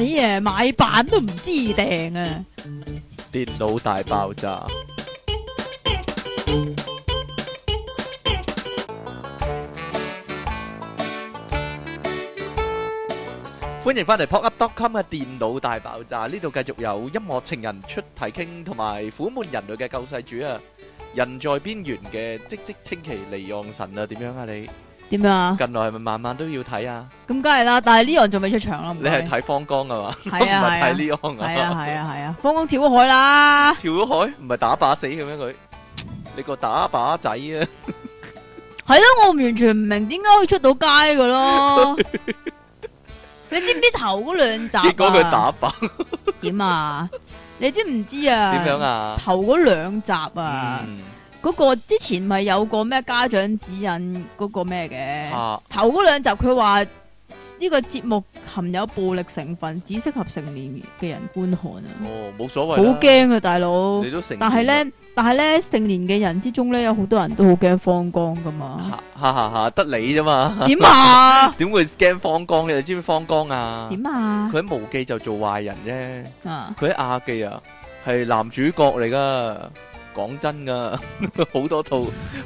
你誒買版都唔知訂啊！電腦大爆炸，歡迎翻嚟 popup.com 嘅電腦大爆炸，呢度繼續有音樂情人出體 king，同埋苦悶人類嘅救世主啊！人在邊緣嘅積積清奇離岸神啊，點樣啊你？點樣啊？近來係咪晚晚都要睇啊？咁梗係啦，但係 Leon 仲未出場啦。你係睇方剛啊嘛？係啊係啊，Leon 係啊係啊係啊，方剛跳咗海啦！跳咗海？唔係打靶死嘅咩佢？你個打靶仔啊！係咯，我完全唔明點解可以出到街嘅咯。你知唔知頭嗰兩集？結果佢打靶點啊？你知唔知啊？點樣啊？頭嗰兩集啊？嗰個之前咪有個咩家長指引嗰個咩嘅，啊、頭嗰兩集佢話呢個節目含有暴力成分，只適合成年嘅人觀看啊。哦，冇所謂，好驚啊，大佬。但係咧，但係咧，成年嘅人之中咧，有好多人都好驚方剛噶嘛。哈，哈哈哈，得你啫嘛。點啊？點 會驚方剛嘅？你知唔知方剛啊？點啊？佢喺無記就做壞人啫。佢喺亞記啊，係男主角嚟噶。講真噶，好 多套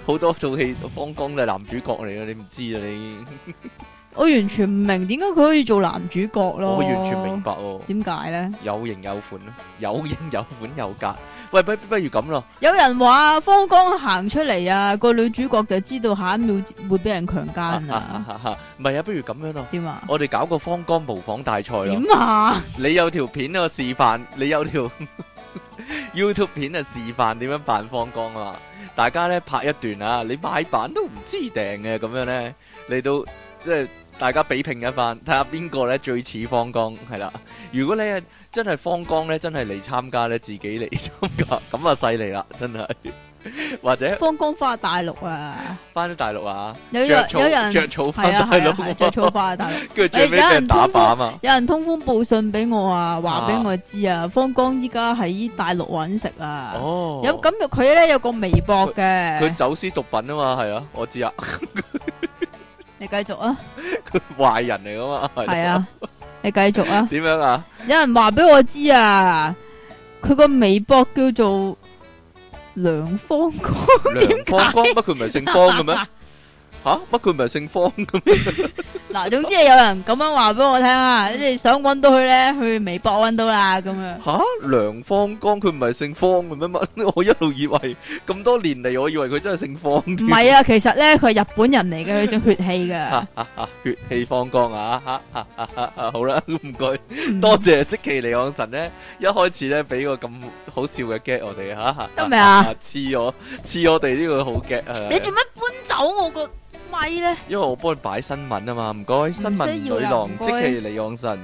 好多套戲方剛都係男主角嚟啊！你唔知啊你？ 我完全唔明點解佢可以做男主角咯？我完全明白喎。點解咧？有型有款咯，有型有款有格。喂，不不，不如咁咯？有人話方剛行出嚟啊，個女主角就知道下一秒會俾人強奸啊！唔係啊，不如咁樣咯。點啊？我哋搞個方剛模仿大賽咯。點樣啊 你條？你有條片啊我示範，你有條。YouTube 片啊，示範點樣扮方剛啊！大家咧拍一段啊，你買版都唔知定嘅，咁樣咧，嚟到即係大家比拼一番，睇下邊個咧最似方剛係啦。如果你係真係方剛咧，真係嚟參加咧，自己嚟參加，咁啊犀利啦，真係。或者方剛翻大陸啊，翻咗大陸啊，有人有人着草翻係咯，着草翻去大陸。有人打靶嘛，有人通風報信俾我啊，話俾我知啊，方剛依家喺大陸揾食啊。哦，咁佢咧有個微博嘅，佢走私毒品啊嘛，係啊，我知啊。你繼續啊，佢壞人嚟噶嘛，係啊，你繼續啊，點樣啊？有人話俾我知啊，佢個微博叫做。梁方光？梁方乜？佢唔係姓方嘅咩？ 吓？乜佢唔係姓方嘅咩？嗱，總之係有人咁樣話俾我聽啊，你哋想搵到佢咧，去微博搵到啦咁樣。吓，梁方剛，佢唔係姓方嘅咩？我一路以為咁多年嚟，我以為佢真係姓方。唔係啊，其實咧佢係日本人嚟嘅，佢姓血氣嘅。血氣方剛啊！好啦，唔該，多謝積淇離岸神咧，一開始咧俾個咁好笑嘅 get 我哋吓。得未啊？黐我黐我哋呢個好 get 啊！你做乜搬走我個？咪咧，因為我幫佢擺新聞啊嘛，唔該，新聞女郎，即係李旺臣。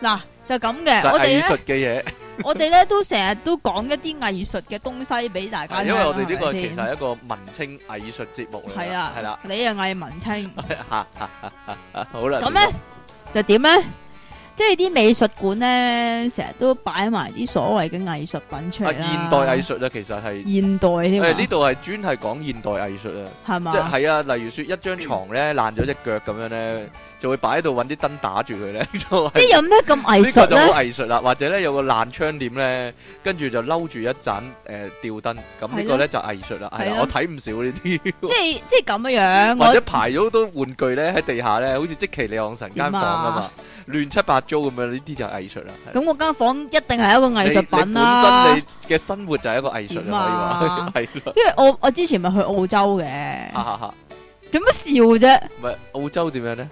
嗱，就咁嘅，我哋咧，藝術嘅嘢，我哋咧都成日都講一啲藝術嘅東西俾大家。因為我哋呢個其實係一個文青藝術節目嚟。係啊，係啦，你又係藝文青，好啦，咁咧就點咧？即係啲美術館咧，成日都擺埋啲所謂嘅藝術品出嚟、啊、現代藝術啊，其實係現代呢。呢度係專係講現代藝術啊，係嘛吧？即係係啊，例如説一張床咧爛咗隻腳咁樣咧，就會擺喺度揾啲燈打住佢咧。即係有咩咁藝術咧？ 有藝術啦，或者咧有個爛窗簾咧，跟住就嬲住一盞誒、呃、吊燈，咁呢個咧的就藝術啦。係啊的，我睇唔少呢啲的 。即係即係咁樣，或者排咗好多玩具咧喺地下咧，好似積淇離岸神間房啊嘛，亂七八。租咁樣呢啲就藝術啦。咁我間房一定係一個藝術品啦。本身你嘅生活就係一個藝術啊，可以話。係。因為我我之前咪去澳洲嘅。哈哈哈。做乜笑啫？唔係澳洲點樣咧？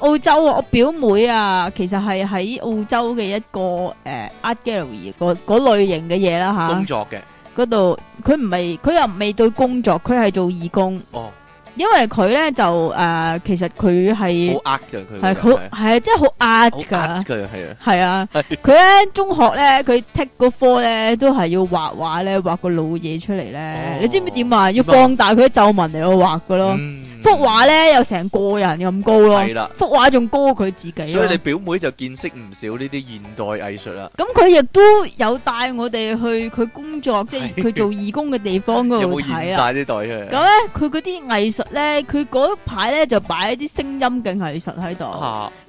澳洲，澳洲、啊、我表妹啊，其實係喺澳洲嘅一個誒、呃、art gallery 嗰嗰類型嘅嘢啦吓。啊、工作嘅。嗰度佢唔係佢又未對工作，佢係做義工。哦。因為佢咧就誒、呃，其實佢係好 art 嘅，佢係好係啊，即係好 art 噶，佢係啊，係啊， 佢咧中學咧佢剔嗰科咧都係要畫畫咧畫個老嘢出嚟咧，哦、你知唔知點啊？要放大佢啲皺紋嚟度畫噶咯。嗯嗯幅畫咧又成個人咁高咯，幅畫仲高佢自己。所以你表妹就見識唔少呢啲現代藝術啦。咁佢亦都有帶我哋去佢工作，即係佢做義工嘅地方嗰度睇啊。有冇驗晒啲袋出嚟？咁咧，佢嗰啲藝術咧，佢嗰排咧就擺一啲聲音嘅藝術喺度。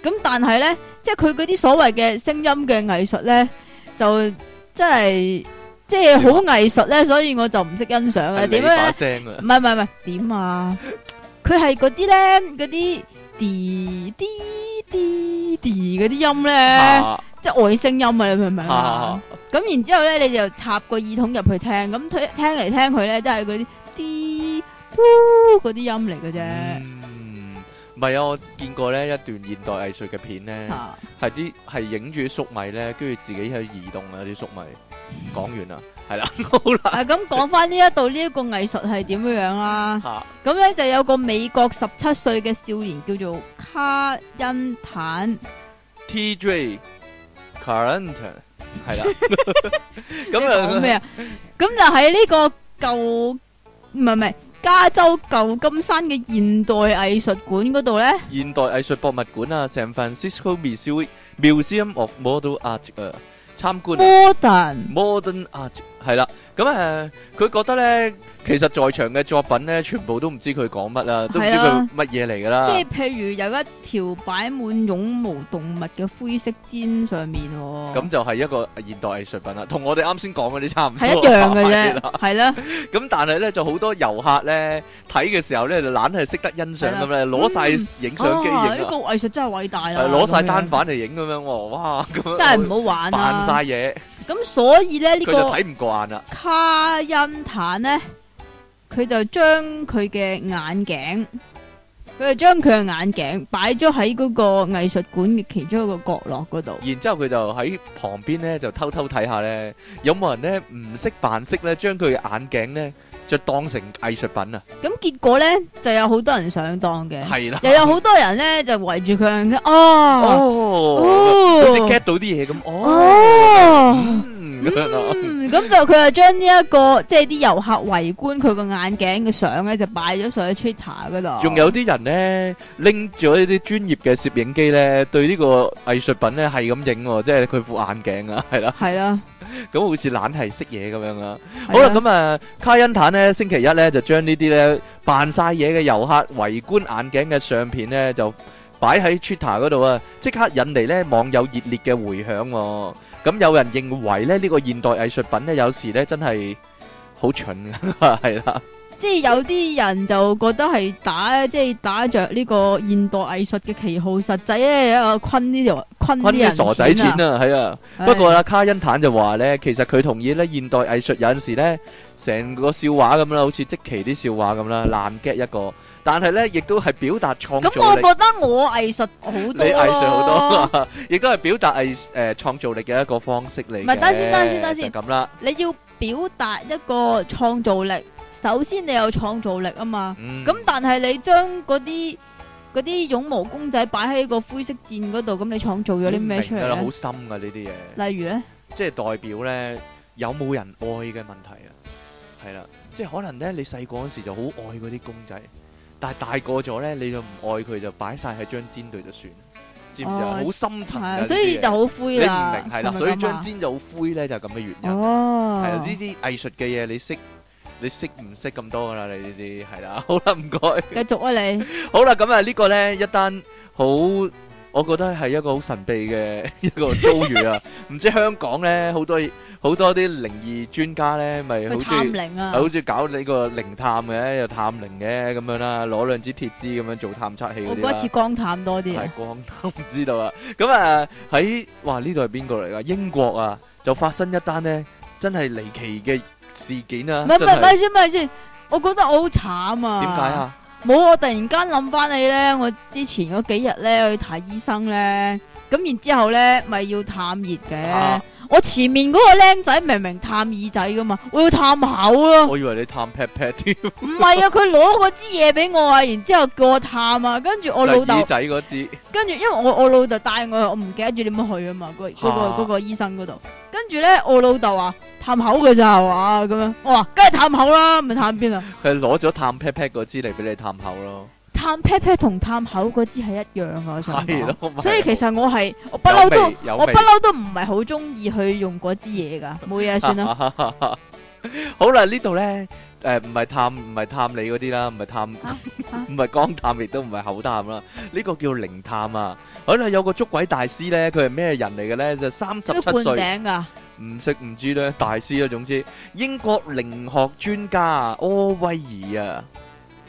咁但係咧，即係佢嗰啲所謂嘅聲音嘅藝術咧，就真係，即係好藝術咧，所以我就唔識欣賞嘅。點樣？唔係唔係唔係，點啊？佢係嗰啲咧，嗰啲滴滴滴嗰啲音咧，啊、即係外星音啊！你明唔明啊？咁然之後咧，你就插個耳筒入去聽，咁聽嚟聽去咧，真係嗰啲啲呼嗰啲音嚟嘅啫。嗯，唔係啊，我見過咧一段現代藝術嘅片咧，係啲係影住啲粟米咧，跟住自己去移動啊啲粟米。講完啦。 係啦，好啦。啊，咁講翻呢一度呢一個藝術係點樣樣啦。吓，咁咧就有個美國十七歲嘅少年叫做卡恩坦，TJ Carant，係啦。咁講咩啊？咁就喺呢個舊唔係唔係加州舊金山嘅現代藝術館嗰度咧，現代藝術博物館啊，San Francisco Museum Museum of Modern Art 啊，參觀 Modern Modern Art。係啦，咁誒，佢覺得咧，其實在場嘅作品咧，全部都唔知佢講乜啦，都唔知佢乜嘢嚟噶啦。即係譬如有一條擺滿絨毛動物嘅灰色氈，上面咁就係一個現代藝術品啦，同我哋啱先講嗰啲差唔多。係一樣嘅啫，係咧。咁但係咧，就好多遊客咧睇嘅時候咧，就懶係識得欣賞咁啊，攞晒影相機影啊。呢個藝術真係偉大啊！攞晒單反嚟影咁樣，哇！真係唔好玩啊！扮晒嘢。咁所以咧，呢個睇唔過眼啦，卡因坦呢，佢就將佢嘅眼鏡，佢就將佢嘅眼鏡擺咗喺嗰個藝術館嘅其中一個角落嗰度。然之後佢就喺旁邊呢，就偷偷睇下呢，有冇人呢？唔識扮色呢？將佢嘅眼鏡呢？就當成藝術品啊！咁結果咧，就有好多人上當嘅，係啦又有好多人咧就圍住佢，哦，好似 get 到啲嘢咁，哦。哦哦。嗯，咁就佢就將呢一個即係啲遊客圍觀佢個眼鏡嘅相咧，就擺咗上去 Twitter 嗰度。仲有啲人咧拎咗呢啲專業嘅攝影機咧，對呢個藝術品咧係咁影，即係佢副眼鏡啊，係啦。係啦。咁好似懶係識嘢咁樣啦！好啦，咁啊，卡恩坦咧星期一咧就將呢啲咧扮曬嘢嘅遊客圍觀眼鏡嘅相片咧，就擺喺 Twitter 嗰度啊！即刻引嚟咧網友熱烈嘅回響。咁有人認為咧，呢個現代藝術品咧，有時咧真係好蠢啦，係啦 了。即係有啲人就覺得係打，即係打着呢個現代藝術嘅旗號，實際咧誒困呢條困啲傻仔錢啊，係啊。的不過阿卡恩坦就話咧，其實佢同意咧，現代藝術有陣時咧，成個笑話咁啦，好似即期啲笑話咁啦，爛 get 一個，但係咧，亦都係表達創造力咁、嗯、我覺得我藝術好多啊！ 你藝術好多 亦都係表達藝誒、呃、創造力嘅一個方式嚟。唔係，等下先，等下先，等下先。咁啦，你要表達一個創造力，首先你有創造力啊嘛。咁、嗯、但係你將嗰啲嗰啲絨毛公仔擺喺個灰色箭嗰度，咁你創造咗啲咩出嚟？好深㗎！呢啲嘢。例如咧，即係代表咧有冇人愛嘅問題啊。係啦，即係可能咧，你細個嗰時就好愛嗰啲公仔。但係大個咗咧，你就唔愛佢，就擺晒喺張氈度就算，知唔知啊？好深沉，的所以就好灰啦。你唔明係啦，是是所以張氈就好灰咧，就咁，是，嘅原因。哦，係啊，呢啲藝術嘅嘢你識，你識唔識咁多㗎啦？你呢啲係啦，好啦，唔該，繼續啊你。 好啦，咁啊呢個咧一單好。我覺得係一個好神秘嘅一個遭遇啊！唔知香港咧好多好多啲靈異專家咧，咪好似，好似搞呢個靈探嘅，又探靈嘅咁樣啦，攞兩支鐵枝咁樣做探測器。我覺得似光探多啲。係光探，唔知道啊！咁啊喺哇呢度係邊個嚟㗎？英國啊，就發生一單咧，真係離奇嘅事件啊！唔係，唔係，先，唔係，先，我覺得我好慘啊！點解啊？冇，我突然間諗返起咧，我之前嗰幾日咧去睇醫生咧，咁然之後咧咪要探熱嘅。啊我前面嗰個僆仔明明探耳仔噶嘛，我要探口咯。我以為你探 pat pat 添，唔 係啊，佢攞嗰支嘢俾我啊，然之後叫我探啊，跟住我老豆、呃。耳仔嗰支。跟住因為我我老豆帶我，我唔記得住點樣去啊嘛，嗰嗰個個醫生嗰度。啊、跟住咧，我老豆話探口嘅咋係嘛咁樣，我話梗係探口啦，咪探邊啊？佢攞咗探 pat pat 嗰支嚟俾你探口咯。探 pat pat 同探口嗰支係一樣噶， 所以其實我係我，我不嬲都我不嬲都唔係好中意去用嗰支嘢噶，冇嘢算啦。 好啦，呢度咧誒，唔、呃、係探唔係探你嗰啲啦，唔係探唔係 光探亦都唔係口探啦，呢、這個叫靈探啊。好、嗯、啦，有個捉鬼大師咧，佢係咩人嚟嘅咧？就三十七半頂噶，唔識唔知咧大師啊。總之，英國靈學專家柯威爾啊。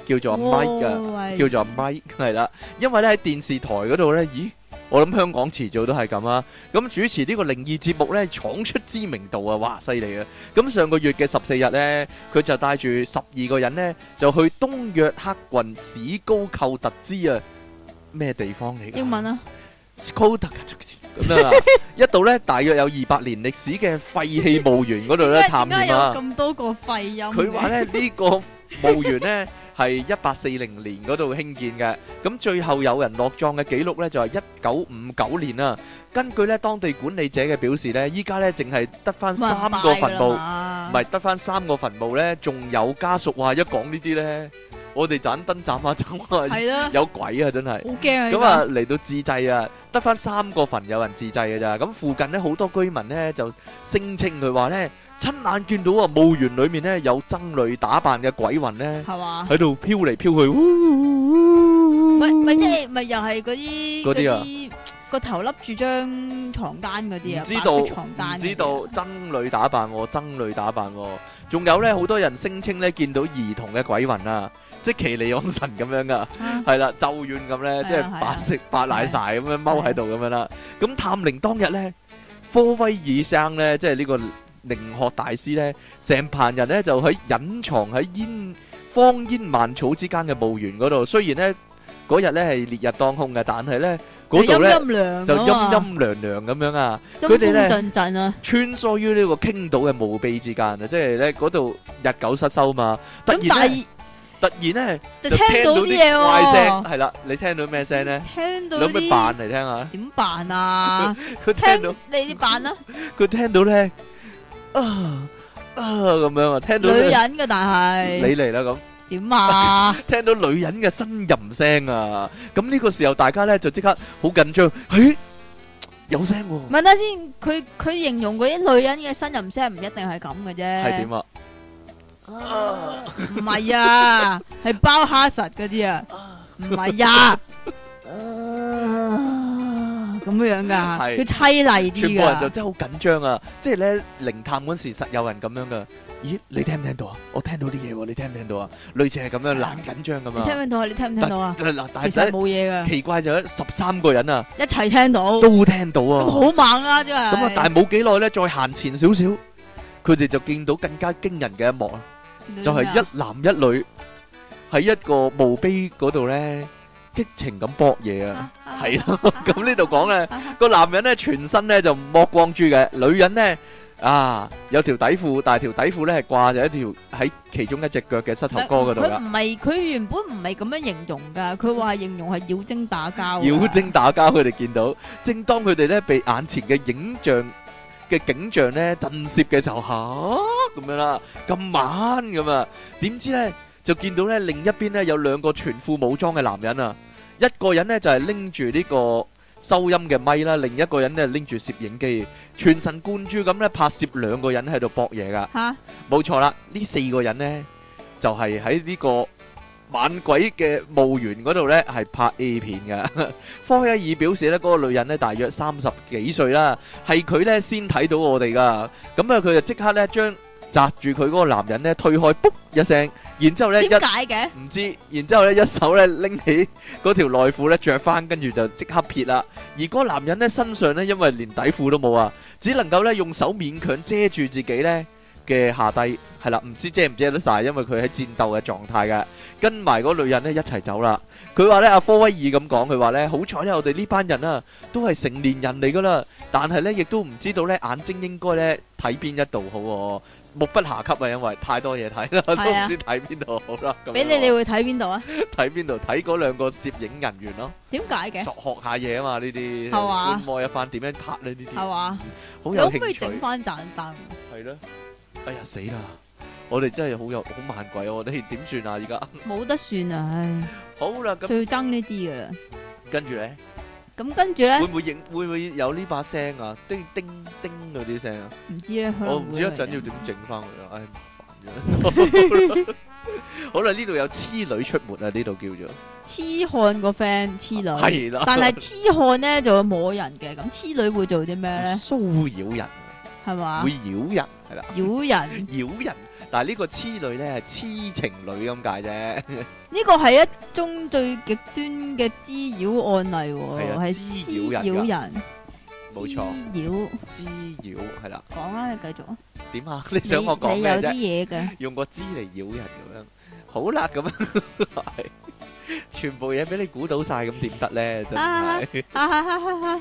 叫做 Mike 㗎、哦，叫做 Mike，係啦，因為咧喺電視台嗰度咧，咦？我諗香港遲早都係咁啦。咁主持呢個靈異節目咧，闖出知名度啊，哇，犀利啊！咁上個月嘅十四日咧，佢就帶住十二個人呢，就去東約克郡史高寇特茲啊，咩地方嚟？英文啊 s c o t t 咁啊，一度咧，大約有二百年歷史嘅廢棄墓園嗰度咧， 麼探險、啊、有咁多個廢音。佢話咧，這個、呢個墓園咧。 係一八四零年嗰度興建嘅，咁最後有人落葬嘅記錄咧就係一九五九年啦。根據咧當地管理者嘅表示咧，依家咧淨係得翻三個墳墓，唔係得翻三個墳墓咧，仲有家屬話一講呢啲咧，我哋盞燈盞下盞下，有鬼啊真係。好驚！咁啊嚟到自製啊，得翻三個墳有人自製嘅咋，咁附近咧好多居民咧就聲稱佢話咧。親眼見到啊，墓園裏面咧有僧侶打扮嘅鬼魂咧，係嘛喺度飄嚟飄去，唔係唔係即係，唔係又係嗰啲嗰啲個頭笠住張床單嗰啲啊，白色床單，知道僧侶打扮喎，僧侶打扮喎，仲有咧，好多人聲稱咧見到兒童嘅鬼魂啊，即係奇離岸神咁樣噶，係啦，咒怨咁咧，即係白色白奶晒咁樣踎喺度咁樣啦。咁探靈當日咧，科威爾生咧，即係呢個。寧學大師咧，成棚人咧就喺隱藏喺煙荒煙蔓草之間嘅墓園嗰度。雖然咧嗰日，咧係烈日當空嘅，但係咧嗰度，咧就陰陰涼涼咁樣啊。陰風陣陣啊，佢哋咧穿梭於呢個傾倒嘅墓碑之間啊，即係咧嗰度日久失修嘛。突然咧，突然咧就聽到啲怪聲，係啦，你聽到咩聲咧？聽到啲點辦嚟聽啊？點辦啊？佢聽到你點辦啦？佢聽到咧。啊啊咁樣啊，聽到女人嘅，但係你嚟啦，咁點啊？聽到女人嘅呻吟聲啊，咁呢個時候大家咧就即刻好緊張，嘿有聲。問下先，佢佢形容嗰啲女人嘅呻吟聲唔一定係咁嘅啫，係點啊？唔係啊，係包哈實嗰啲啊，唔係啊。咁樣噶，要淒厲啲嘅。全部人就真係好緊張啊！即係咧靈探嗰時，實有人咁樣噶。咦，你聽唔聽到啊？我聽到啲嘢，你聽唔聽到啊？類似係咁樣，懶緊張咁樣。你聽唔聽到啊？你聽唔聽到啊？嗱，但係咧，冇嘢噶。奇怪就咧，十三個人啊，一齊聽到，都聽到啊，都好猛啦，真係。咁啊，但係冇幾耐咧，再行前少少，佢哋就見到更加驚人嘅一幕啦，就係一男一女喺一個墓碑嗰度咧。激情咁搏嘢啊！係啊，咁呢度講咧，個男人咧全身咧就剝光豬嘅，女人咧啊有條底褲，但係條底褲咧係掛住一條喺其中一隻腳嘅膝頭哥嗰度啦。佢唔係，佢原本唔係咁樣形容噶，佢話形容係妖精打交。妖精打交，佢哋見到，正當佢哋咧被眼前嘅影像嘅景象咧震懾嘅時候，吓，咁樣啦，咁猛咁啊，點知咧？就見到咧，另一邊咧有兩個全副武裝嘅男人啊，一個人咧就係拎住呢個收音嘅咪啦，另一個人咧拎住攝影機，全神貫注咁咧拍攝兩個人喺度搏嘢噶。嚇，冇錯啦，呢四個人咧就係喺呢個猛鬼嘅墓園嗰度咧係拍 A 片㗎。科克爾表示咧，嗰個女人咧大約三十幾歲啦，係佢咧先睇到我哋噶，咁啊佢就即刻咧將扎住佢嗰個男人咧，推開，噗一聲，然之後咧一解嘅，唔知，然之後咧一手咧拎起嗰條內褲咧着翻，跟住就即刻撇啦。而嗰個男人咧身上咧，因為連底褲都冇啊，只能夠咧用手勉強遮住自己咧嘅下底，係啦，唔知遮唔遮得晒，因為佢喺戰鬥嘅狀態噶，跟埋嗰女人咧一齊走啦。佢話咧阿科威爾咁講，佢話咧好彩咧我哋呢班人啊都係成年人嚟噶啦，但係咧亦都唔知道咧眼睛應該咧睇邊一度好。目不暇給啊，因為太多嘢睇啦，都唔知睇邊度好啦。咁俾你你會睇邊度啊？睇邊度？睇嗰兩個攝影人員咯。點解嘅？學下嘢啊嘛，呢啲觀摩一番，點樣拍咧呢啲。係嘛，好有興趣。可唔可以整翻盞燈？係咯。哎呀死啦！我哋真係好有好慢鬼，我哋點算啊？而家冇得算啊！唉。好啦，咁就要爭呢啲噶啦。跟住咧。咁、嗯、跟住咧，會唔會影？會唔會有呢把聲啊？叮叮叮嗰啲聲啊？唔知咧，我唔知一陣要點整翻佢啊！唉，麻煩咗。 好啦，呢度有痴女出沒啊！呢度叫做痴漢個 friend，痴女。係啦，但係痴漢咧就會摸人嘅，咁痴女會做啲咩咧？騷擾人。係嘛？會妖人係啦，妖人妖人，但係呢個痴女咧係痴情女咁解啫。呢個係一宗最極端嘅滋擾案例，係滋擾人。冇錯，滋擾滋擾係啦。講啊，你繼續啊。點啊？你想我講咩啫？你有啲嘢㗎？用個滋嚟擾人咁樣，好辣咁樣，全部嘢俾你估到晒，咁點得咧？就係。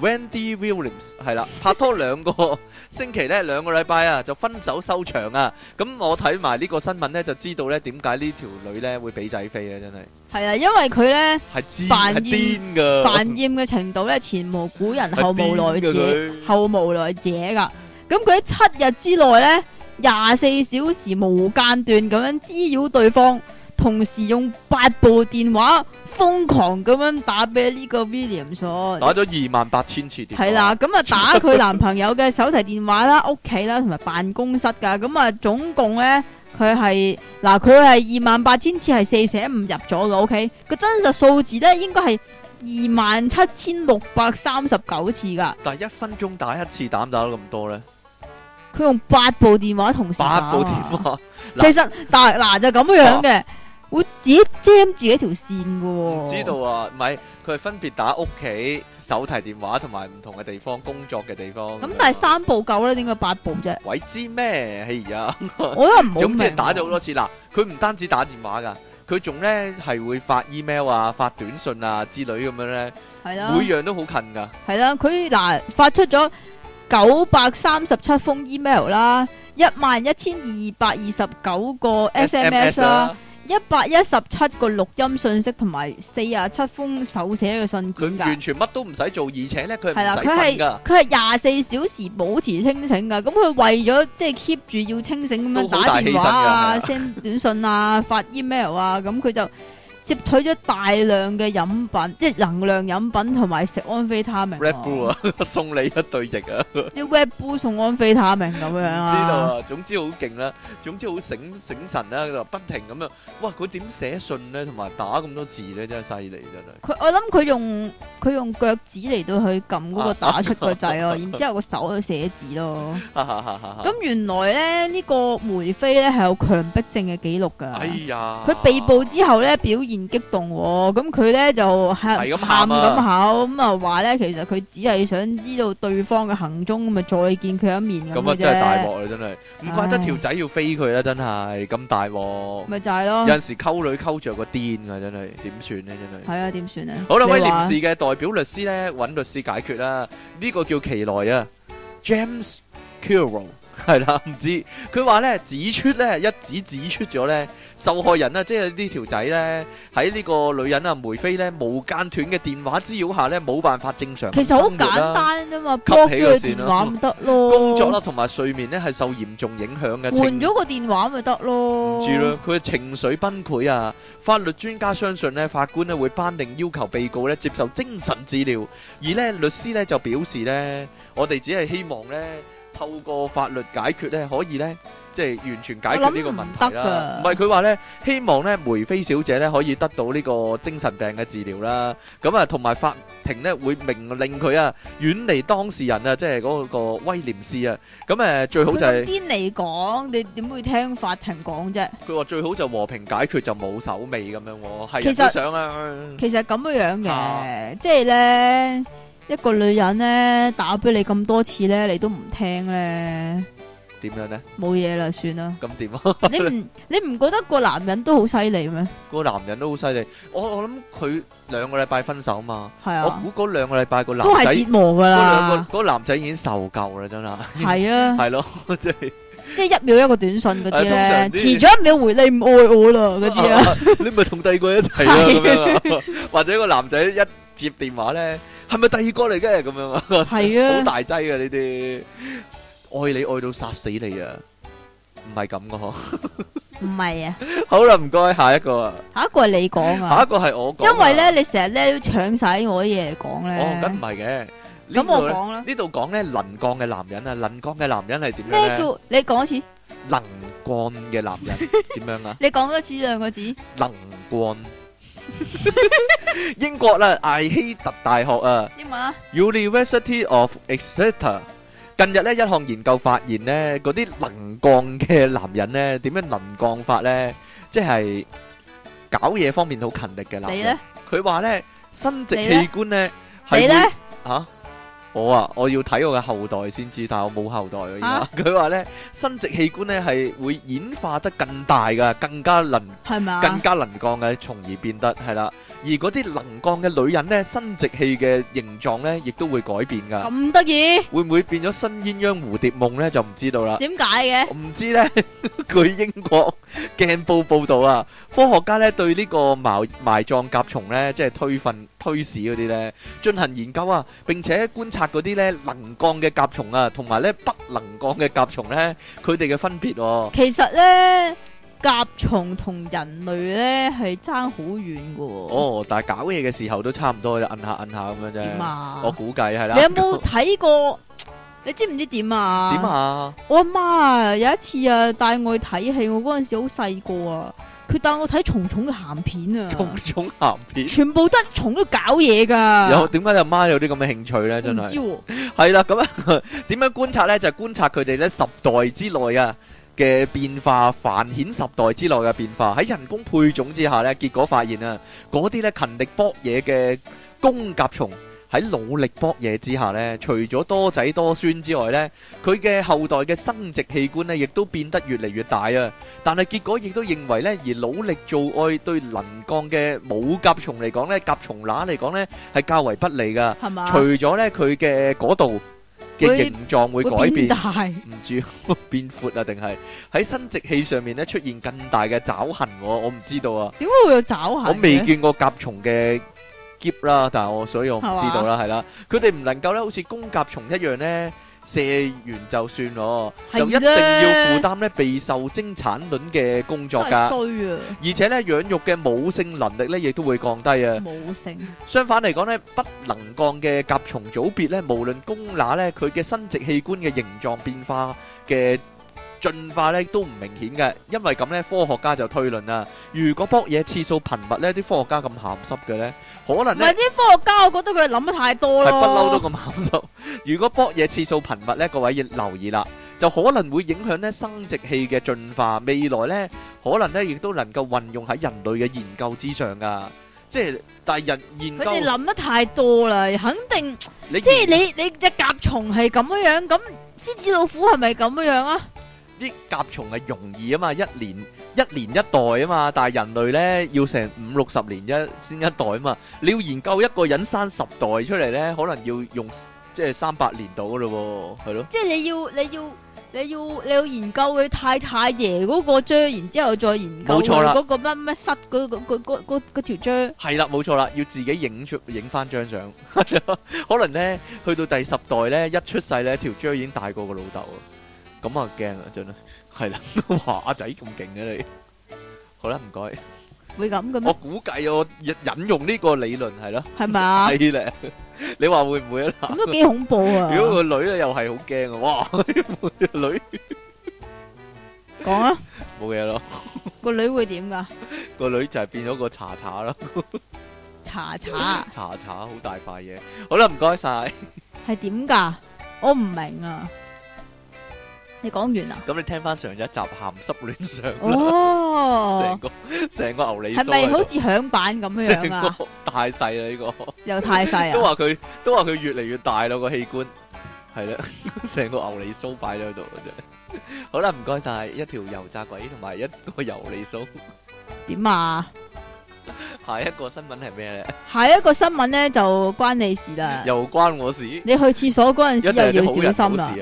Wendy Williams 係啦，拍拖兩個星期咧， 兩個禮拜啊，就分手收場啊。咁、嗯、我睇埋呢個新聞咧，就知道咧點解呢條女咧會俾仔飛咧、啊，真係係啊，因為佢咧犯厭，犯厭嘅程度咧前無古人後無來者，後無來者噶。咁佢喺七日之內咧，廿四小時無間斷咁樣滋擾對方。同時用八部電話瘋狂咁樣打俾呢個 William，所以打咗二萬八千次電話。係啦，咁啊打佢男朋友嘅手提電話啦、屋企啦，同埋辦公室噶，咁啊總共咧佢係嗱佢係二萬八千次係四捨五入咗嘅，OK 個真實數字咧應該係二萬七千六百三十九次噶。但係一分鐘打一次，打唔打到咁多咧？佢用八部電話同時打。八部電話。嗱，嗱，其實，但係嗱就咁、是、樣嘅。佢自己 jam 自己條線噶，哦，知道啊？唔係，佢係分別打屋企、手提電話同埋唔同嘅地方、工作嘅地方。咁咪、嗯、吧三部九咧，點解八部啫？喂，知咩？哎呀，我又唔好明。 總之打咗好多次啦，佢唔、啊、單止打電話噶，佢仲咧係會發 email 啊、發短信啊之類咁樣咧，係啦，每樣都好近噶，啊。係、啊、啦，佢嗱發出咗九百三十七封 email 啦，一萬一千二百二十九個 sms 啦。一百一十七個錄音信息，同埋四十七封手寫嘅信件，佢完全乜都唔使做，而且呢，佢係啦，佢係佢係廿四小時保持清醒噶，咁佢為咗即係 keep 住要清醒咁樣打電話的啊、send 短信啊、發 email 啊，咁佢就。攝取咗大量嘅飲品，即係能量飲品同埋食安非他命。Red Bull 啊，Rap blue, 送你一對翼啊！啲 Red Bull 送安非他命咁樣啊！知道啊，總之好勁啦，總之好醒醒神啦、啊，不停咁啊，哇！佢點寫信咧，同埋打咁多字咧，真係犀利真係。佢我諗佢用佢用腳趾嚟到去撳嗰個打出個掣啊， 然之後個手去寫字咯。咁 原來咧呢、這個梅妃咧係有強迫症嘅記錄噶。哎呀！佢被捕之後咧表現。 激動咁，佢咧就喊喊咁跑，咁啊話咧，其實佢只係想知道對方嘅行蹤，咁啊再見佢一面咁嘅啊，真係大鑊啦，真係唔、啊、怪得條仔要飛佢啦，真係咁大鑊，咪就係咯。有陣時溝女溝着個癲啊，真係點算呢？真係係啊，點算咧？好啦，威廉士嘅代表律師咧，揾律師解決啦，呢、這個叫奇來啊，James Curro。係啦，唔知佢話咧指出咧一指指出咗咧受害人啊，即係呢條仔咧喺呢個女人啊梅飛咧無間斷嘅電話滋擾下咧，冇辦法正常、啊。其實好簡單啫嘛，吸咗、啊啊、個電話唔得咯，工作啦同埋睡眠咧係受嚴重影響嘅。換咗個電話咪得咯。唔知啦，佢嘅情緒崩潰啊！法律專家相信咧，法官咧會頒定要求被告咧接受精神治療，而咧律師咧就表示咧，我哋只係希望咧。透過法律解決咧，可以咧，即係完全解決呢個問題啦。唔係佢話咧，希望咧梅菲小姐咧可以得到呢個精神病嘅治療啦。咁啊，同埋法庭咧會命令佢啊遠離當事人啊，即係嗰個威廉斯啊。咁誒，最好就係。癲嚟講，你點會聽法庭講啫？佢話最好就和平解決，就冇手尾咁樣喎。係有啲想啊。其實咁樣嘅，即係咧。一個女人咧打俾你咁多次咧，你都唔聽咧，點樣咧？冇嘢啦，算啦。咁點啊？你唔你唔覺得個男人都好犀利咩？個男人都好犀利，我我諗佢兩個禮拜分手嘛。係啊，我估嗰兩個禮拜個男都係折磨噶啦。嗰個男仔已經受夠啦，真係。係啊，係咯，即係即係一秒一個短信嗰啲咧，遲咗一秒回你唔愛我啦嗰啲啊。你咪同第二個一齊啊？或者個男仔一接電話咧？係咪第二個嚟嘅咁樣啊？係是的 啊，好大劑啊，呢啲，愛你愛到殺死你啊！唔係咁噶呵，唔 係是啊 好。好啦，唔該，下一個啊。下一個係你講啊。下一個係我講。因為咧，你成日咧都搶晒我啲嘢嚟講咧。哦，咁唔係嘅。咁我講啦。呢度講咧能幹嘅男人啊，能幹嘅男人係點咧？咩叫你講一次？能幹嘅男人點 樣啊？你講多次兩個字。能幹。英國啦，艾希特大學啊，英文啦，University of Exeter。近日咧，一項研究發現咧，嗰啲能降嘅男人咧，點樣能降法咧？即係搞嘢方面好勤力嘅男。你咧？佢話咧，生殖器官咧係吓。我啊，我要睇我嘅後代先知，但係我冇後代啊。而家佢話呢，生殖器官呢係會演化得更大㗎，更加能，嗎更加能幹嘅，從而變得係啦。而嗰啲能降嘅女人呢，生殖器嘅形狀呢，亦都會改變噶。咁得意？會唔會變咗新鴛鴦蝴蝶夢呢？就唔知道啦。點解嘅？唔知呢。據英國鏡報報道啊，科學家呢對呢個埋埋葬甲蟲呢，即係推糞推屎嗰啲呢，進行研究啊，並且觀察嗰啲呢能降嘅甲蟲啊，同埋呢不能降嘅甲蟲呢，佢哋嘅分別哦。其實呢。甲蟲同人類咧係爭好遠噶，喎哦！但係搞嘢嘅時候都差唔多，就摁下摁下咁樣啫。點啊？我估計係啦。你有冇睇過？ 你知唔知點啊？點啊？我阿媽啊，有一次啊，帶我去睇戲，我嗰陣時好細個啊，佢帶我睇蟲蟲嘅鹹片啊。蟲蟲鹹片，重重片全部都係蟲喺度搞嘢噶。有，點解你阿媽有啲咁嘅興趣咧？真係。唔知喎。係啦，咁啊，點 樣，樣觀察咧？就係、是、觀察佢哋咧，十代之內啊。嘅變化，繁衍十代之內嘅變化喺人工配種之下咧，結果發現啊，嗰啲咧勤力搏嘢嘅公甲蟲喺努力搏嘢之下咧，除咗多仔多孫之外咧，佢嘅後代嘅生殖器官咧，亦都變得越嚟越大啊！但係結果亦都認為咧，而努力做愛對能幹嘅母甲蟲嚟講咧，甲蟲乸嚟講咧，係較為不利㗎。係嘛？除咗咧，佢嘅嗰度。嘅形狀會改變，唔知變闊啊定係喺生殖器上面咧出現更大嘅爪痕，我我唔知道啊，點解會有爪痕？我未見過甲蟲嘅鋏啦，但係我所以我唔知道啦係啦，佢哋唔能夠咧好似公甲蟲一樣咧。射完就算囉，的就一定要負擔呢備受精產卵嘅工作㗎，而且呢，養育嘅母性能力呢亦都會降低啊。性相反嚟講呢，不能降嘅甲蟲組別呢，無論公乸呢，佢嘅生殖器官嘅形狀變化嘅。進化咧都唔明顯嘅，因為咁咧科學家就推論啦。如果搏嘢次數頻密咧，啲科學家咁鹹濕嘅咧，可能唔係啲科學家，我覺得佢諗得太多啦。係不嬲都咁鹹濕。如果搏嘢次數頻密咧，各位要留意啦，就可能會影響咧生殖器嘅進化。未來咧，可能咧亦都能夠運用喺人類嘅研究之上噶。即係但係人研究佢哋諗得太多啦，肯定即係你你隻甲蟲係咁樣樣，咁獅子老虎係咪咁樣樣啊？啲甲蟲係容易啊嘛，一年一年一代啊嘛，但係人類咧要成五六十年一先一代啊嘛，你要研究一個人生十代出嚟咧，可能要用即係三百年到咯喎，係咯。即係你要你要你要你要研究佢太太爺嗰個章，然之後再研究冇錯啦，嗰個乜乜室嗰個嗰嗰嗰嗰條章。係啦，冇錯啦，要自己影出影翻張相，可能咧去到第十代咧一出世咧條章已經大過個老豆啊。咁啊驚啊，真係係啦！哇，阿仔咁勁嘅你，好啦，唔該。會咁嘅咩？我估計我引用呢個理論係咯。係咪啊？係咧，你話會唔會啊？應該幾恐怖啊！如果個女咧又係好驚啊！哇，女講咯，冇嘢咯。個女會點噶？個女就係變咗個查查咯，查查，查查好大塊嘢。好啦，唔該晒。係點噶？我唔明啊。你講完啦？咁你聽翻上一集鹹濕亂上哦，成個成個牛脷，係咪好似響板咁樣啊？太細啦呢個，太這個、又太細啊！都話佢，都話佢越嚟越大咯個器官。係啦，成個牛脷酥擺喺度嘅啫。 好啦，唔該晒，一條油炸鬼同埋一個油脷酥。點啊？ 下一個新聞係咩咧？下一個新聞咧就關你事啦。又關我事？你去廁所嗰陣時又要小心啊！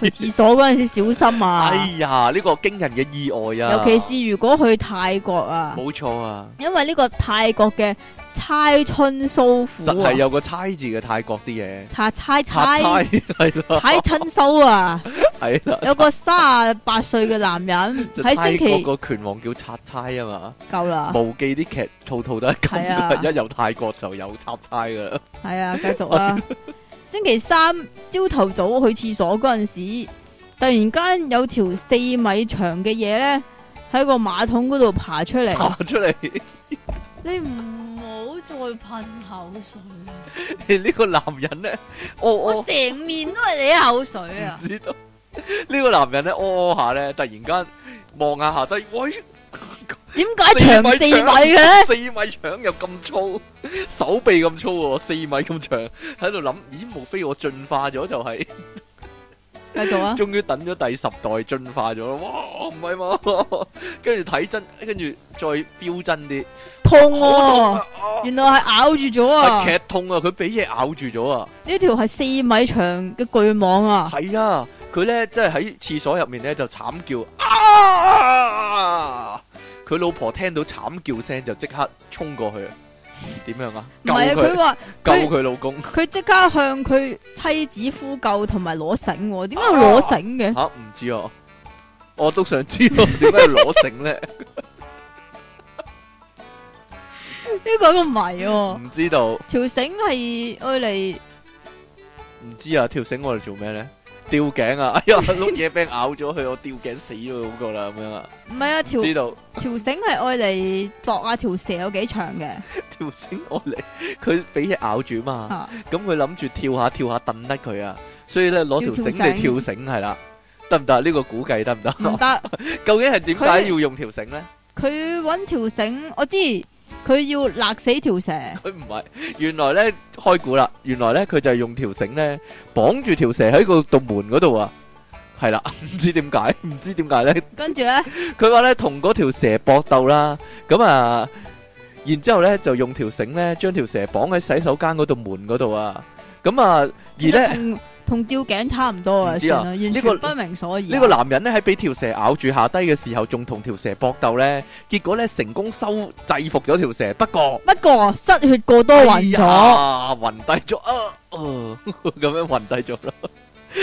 去廁所嗰陣時小心啊！哎呀，呢個驚人嘅意外啊！尤其是如果去泰國啊，冇錯啊，因為呢個泰國嘅差春蘇府真係有個差字嘅。泰國啲嘢，拆差差，係咯，差春蘇啊，係有個三啊八歲嘅男人喺星期個拳王叫拆差啊嘛，夠啦，無記啲劇套套都係咁，一有泰國就有拆差啦，係啊，繼續啦。星期三朝頭早去廁所嗰陣時，突然間有條四米長嘅嘢咧喺個馬桶嗰度爬出嚟。爬出嚟， 你唔好再噴口水啦！呢 個男人咧，我成面都係你口水啊！知道呢、這個男人咧，屙屙下咧，突然間望下下低，喂、哎。點解長四米嘅？四米，四米長又咁粗，手臂咁粗喎，四米咁長喺度諗，咦？無非我進化咗就係、是，繼續啊！終於等咗第十代進化咗咯，哇！唔係嘛？跟住睇真，跟住再標真啲，痛，原來係咬住咗啊！劇痛啊！佢俾嘢咬住咗啊！呢、啊、條係四米長嘅巨蟒啊！係啊！佢咧即係喺廁所入面咧就慘叫啊！佢老婆聽到慘叫聲就即刻衝過去啦，點樣啊？唔係啊，佢話救佢她她老公，佢即刻向佢妻子呼救同埋攞繩，點解、哦、要攞繩嘅？吓、啊，唔、啊啊、知啊，我都想知道點解要攞繩咧？呢個個謎哦，唔知道條繩係愛嚟？唔知啊，條繩我嚟做咩咧？吊頸啊！哎呀，碌嘢俾咬咗佢，我吊頸死咗，咁個啦，咁樣啊，唔係啊，知道條繩係愛嚟度下條蛇有幾長嘅？條繩愛嚟，佢俾嘢咬住嘛，咁佢諗住跳下跳下，掟甩佢啊，所以咧攞條繩嚟跳繩係啦，得唔得？呢、啊啊這個估計得唔得？唔得行， 究竟係點解要用條繩咧？佢揾條繩，我知。佢要勒死條蛇。佢唔係，原來咧開估啦，原來咧佢就係用條繩咧綁住條蛇喺個道門嗰度啊，係 啦，唔知點解，唔知點解咧，跟住咧，佢話咧同嗰條蛇搏鬥啦，咁啊，然之後咧就用條繩咧將條蛇綁喺洗手間嗰度門嗰度啊，咁、嗯、啊，而咧。嗯嗯同吊頸差唔多啊！唔知啊，算啦、這個、完全不明所以，啊。呢個男人咧喺俾條蛇咬住下低嘅時候，仲同條蛇搏鬥咧，結果咧成功收制服咗條蛇。不過不過失血過多暈咗，暈低咗啊！咁、啊、樣暈低咗咯。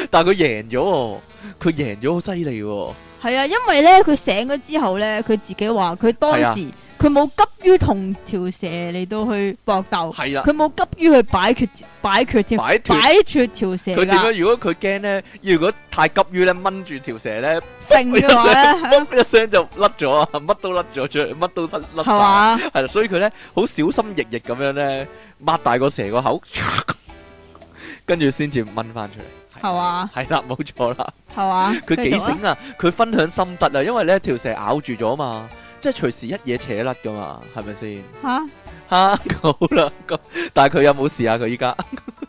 但係佢贏咗，佢贏咗好犀利。係啊，因為咧佢醒咗之後咧，佢自己話佢當時、啊。佢冇急於同條蛇嚟到去搏鬥，係啊！佢冇急於去擺脫、擺脫、擺脫條蛇噶。佢點解？如果佢驚咧，如果太急於咧，掹住條蛇咧，靜嘅話，嘣一聲就甩咗啊！乜都甩咗出，乜都甩甩晒。係嘛？係啦，所以佢咧好小心翼翼咁樣咧，擘大個蛇個口，跟住先至掹翻出嚟。係嘛？係啦，冇錯啦。係嘛？佢幾醒啊？佢分享心得啊！因為咧條蛇咬住咗嘛。即係隨時一嘢扯甩噶嘛，係咪先？吓吓哈，夠啦咁，但係佢有冇事啊？佢依家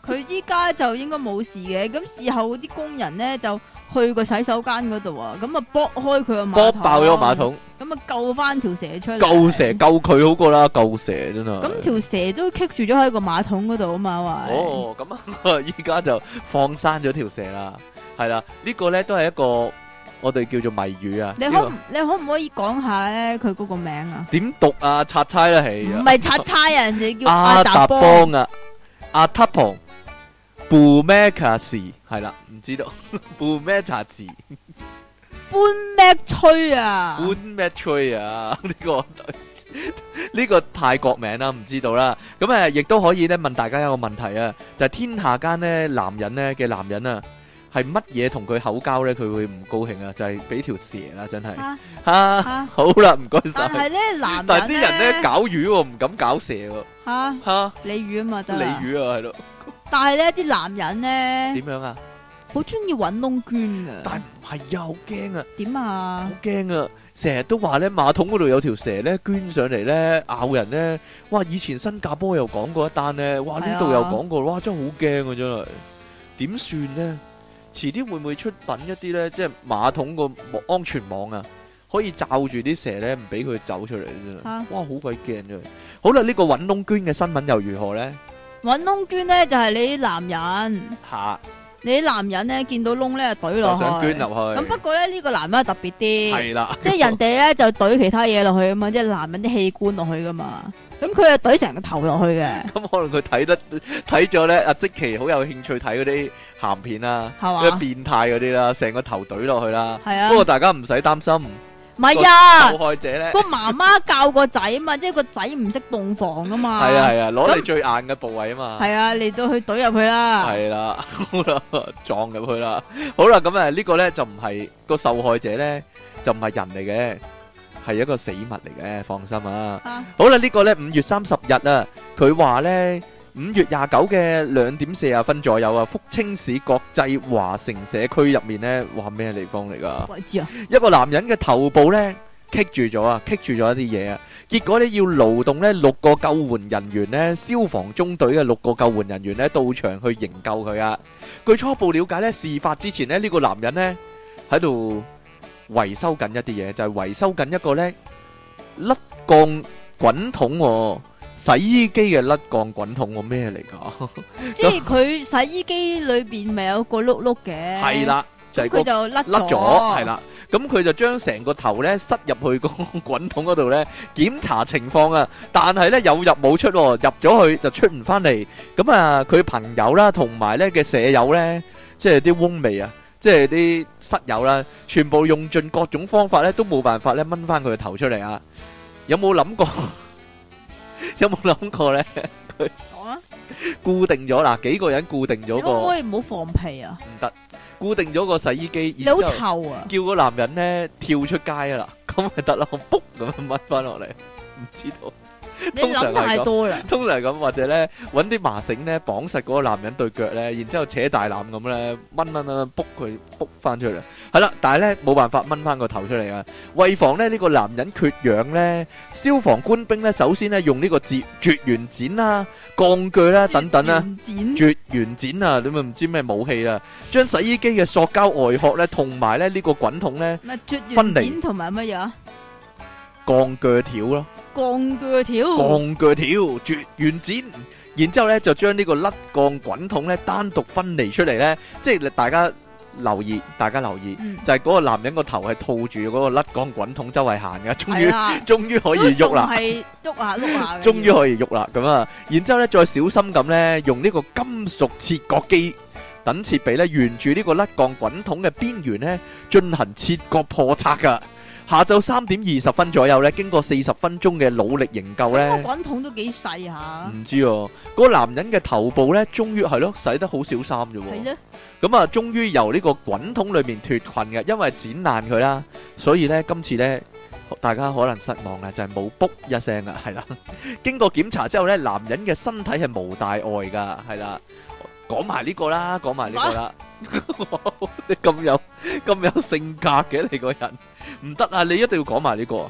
佢依家就應該冇事嘅，咁事後啲工人咧就去個洗手間嗰度啊，咁啊剝開佢個剝爆咗個馬桶，咁啊救翻條蛇出嚟，救蛇救佢好過啦，救蛇真啊！咁條蛇都棘住咗喺個馬桶嗰度啊嘛，話哦咁、哦、啊，依家就，就放生咗條蛇啦，係啦，這個、呢個咧都係一個。我哋叫做謎語啊！你可 你可唔可以講下咧佢嗰個名啊？點 讀啊？拆猜啦，係唔係拆猜 啊？人哋叫阿達邦啊，阿塔蓬布咩查字係啦？唔、嗯、知道 布咩查字？布咩吹啊？ 布咩吹啊？呢 個呢我 個泰國名啦、啊，唔知道啦。咁誒，亦、呃、都可以咧問大家一個問題啊，就係、是、天下間呢男人呢嘅男人啊。係乜嘢同佢口交咧？佢會唔高興啊？就係俾條蛇啦，真係啊！好啦，唔該晒。但係咧，男人咧，但係啲人咧，搞魚喎，唔敢搞蛇喎。吓吓，鯉魚啊嘛，得鯉魚啊，係咯。但係咧，啲男人咧點樣啊？好中意搵窿捐噶。但係又驚啊，好驚啊。點啊？好驚啊！成日都話咧，馬桶嗰度有條蛇咧，捐上嚟咧，咬人咧。哇！以前新加坡又講過一單咧，哇！呢度又講過，哇！真係好驚啊，真係。點算咧？遲啲會唔會出品一啲咧，即係馬桶個安全網啊，可以罩住啲蛇咧，唔俾佢走出嚟啫。啊、哇，好鬼驚啫！好啦，呢、這個揾窿捐嘅新聞又如何咧？揾窿捐咧就係、是、你啲男人吓，啊、你啲男人咧見到窿咧就懟落去，想捐入去。咁不過咧呢、這個男人特別啲，係啦的，即係人哋咧就懟其他嘢落去啊嘛，即、就、係、是、男人啲器官落去噶嘛。咁佢係懟成個頭落去嘅。咁、嗯、可能佢睇得睇咗咧，阿積、啊、淇好有興趣睇嗰啲。 鹹片啦，變態嗰啲啦，成個頭懟落去啦。係啊，不過大家唔使擔心。唔係啊，受害者咧，個媽媽教個仔嘛，即係個仔唔識洞房啊嘛。係啊係啊，攞嚟最硬嘅部位啊嘛。係啊，嚟到去懟入去啦。係啦，好啦，撞入去啦。好啦，咁啊，呢個咧就唔係個受害者咧，就唔係人嚟嘅，係一個死物嚟嘅，放心啊。好啦，呢個咧五月三十日啊，佢話咧。五月廿九嘅兩點四十分左右啊，福清市國際華城社區入面呢哇咩地方嚟啊？一個男人嘅頭部呢棘住咗啊，棘住咗一啲嘢啊，結果呢要勞動呢六個救援人員呢，消防中隊嘅六個救援人員呢，到場去營救佢啊。據初步了解呢，事發之前呢，呢、這個男人呢喺度維修緊一啲嘢，就係、是、維修緊一個呢甩槓滾筒喎。洗衣機嘅甩鋼滾筒個咩嚟噶？即係佢洗衣機裏邊咪有個碌碌嘅，係啦，就係佢就甩咗，係啦。咁佢就將成個頭咧塞入去個滾筒嗰度咧檢查情況啊。但係咧有入冇出，入咗去就出唔翻嚟。咁啊，佢朋友啦，同埋咧嘅舍友咧，即係啲翁味啊，即係啲室友啦，全部用盡各種方法咧都冇辦法咧掹翻佢個頭出嚟啊！有冇諗過？有冇諗過咧？講啊！固定咗嗱，幾個人固定咗個，可唔可以唔好放屁啊？唔得，固定咗個洗衣機，你好臭啊！叫個男人咧跳出街啊！嗱，咁咪得啦，我卜咁樣搣翻落嚟，唔知道。 你諗太多啦！通常係咁，或者咧搵啲麻繩咧綁實嗰個男人對腳咧，然之後扯大纜咁咧，掹掹掹，卜佢卜翻出嚟。係啦，但係咧冇辦法掹翻個頭出嚟啊！為防咧呢個男人缺氧咧，消防官兵咧首先咧用呢個絕絕緣剪啦、鋼鋸啦等等啦，絕緣剪啊，你咪唔知咩武器啦，將洗衣機嘅塑膠外殼咧同埋咧呢個滾筒咧分離同埋乜嘢？鋼鋸條咯。鋼鋸條，鋼鋸條，絕緣剪，然之後咧就將呢個甩鋼滾筒咧單獨分離出嚟咧，即係大家留意，大家留意，就係嗰個男人個頭係套住嗰個甩鋼滾筒周圍行㗎，終於終於可以喐啦，係喐下喐下，終於可以喐啦，咁啊，然之後咧再小心咁咧，用呢個金屬切割機等設備咧，沿住呢個甩鋼滾筒嘅邊緣咧進行切割破拆噶。下晝三點二十分左右咧，經過四十分鐘嘅努力營救咧，個滾筒都幾細吓。唔知哦，嗰個男人嘅頭部咧，終於係咯洗得好小衫啫喎。係咧，咁啊，終於由呢個滾筒裏面脫困嘅，因為剪爛佢啦，所以咧今次咧，大家可能失望啦，就係冇卜一聲啊，係啦。經過檢查之後咧，男人嘅身體係無大礙噶，係啦。講埋呢個啦，講埋呢個啦，你咁有咁有性格嘅你個人，唔得啊！你一定要講埋呢個。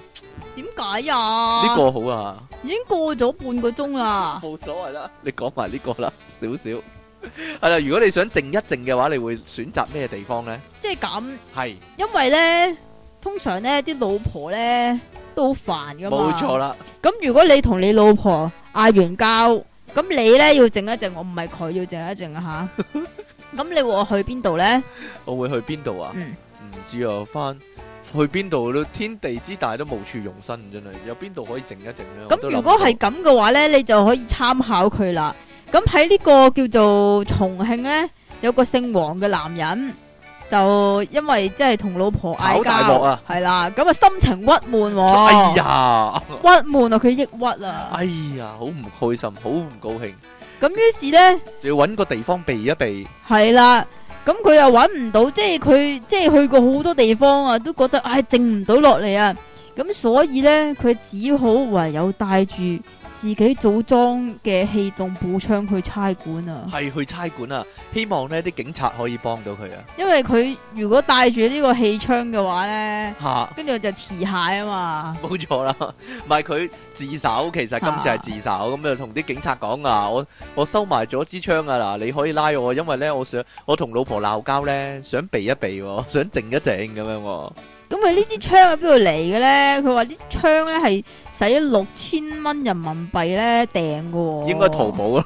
點解呀？呢個好啊，已經過咗半個鐘啦。冇所謂啦，你講埋呢個啦，少少係啦。如果你想靜一靜嘅話，你會選擇咩地方咧？即係咁係，因為咧，通常咧，啲老婆咧都好煩噶嘛。冇錯啦。咁如果你同你老婆嗌完交？咁你咧要靜一靜，我唔係佢要靜一靜啊吓。咁你會去邊度咧？我會去邊度啊？嗯，唔知啊，翻去邊度咯？天地之大，都無處容身，真係有邊度可以靜一靜咧？咁如果係咁嘅話咧，你就可以參考佢啦。咁喺呢個叫做重慶咧，有個姓黃嘅男人。就因為即係同老婆嗌交，係啦、啊，咁啊心情鬱悶，悶哎呀，鬱悶啊，佢抑鬱啊，哎呀，好唔開心，好唔高興，咁於是呢，就要搵個地方避一避，係啦，咁佢又搵唔到，即係佢即係去過好多地方啊，都覺得唉靜唔到落嚟啊，咁、哎、所以呢，佢只好唯有帶住。自己組裝嘅氣動步槍去差館啊，係去差館啊，希望呢啲警察可以幫到佢啊。因為佢如果帶住呢個氣槍嘅話呢，嚇、啊，跟住就持械啊嘛。冇錯啦，唔係佢自首，其實今次係自首，咁、啊、就同啲警察講啊，我我收埋咗支槍啊，嗱，你可以拉我，因為呢，我想我同老婆鬧交呢，想避一避，想靜一靜咁樣喎。咁佢、嗯、呢啲槍喺邊度嚟嘅咧？佢話啲槍咧係使咗六千蚊人民幣咧訂嘅喎。哦，應該淘寶咯，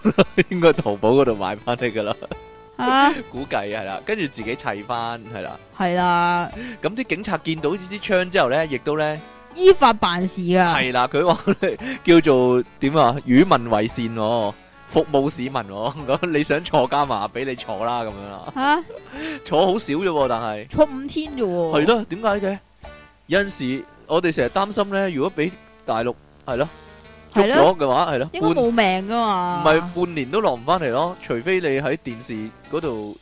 應該淘寶嗰度買翻嚟嘅啦。啊，估計啊，係啦，跟住自己砌翻，係啦，係啦的。咁啲警察見到呢支槍之後咧，亦都咧依法辦事啊。係啦，佢話叫做點啊？與民為善哦。服務市民、哦，咁 你想坐監嘛，俾你坐啦，咁樣啦。嚇、啊， 坐好少啫喎，但係坐五天啫喎。係咯，點解嘅？ 有陣時我哋成日擔心咧，如果俾大陸係咯捉咗嘅話，係咯，應該冇命㗎嘛。唔係半，半年都落唔翻嚟咯，除非你喺電視嗰度。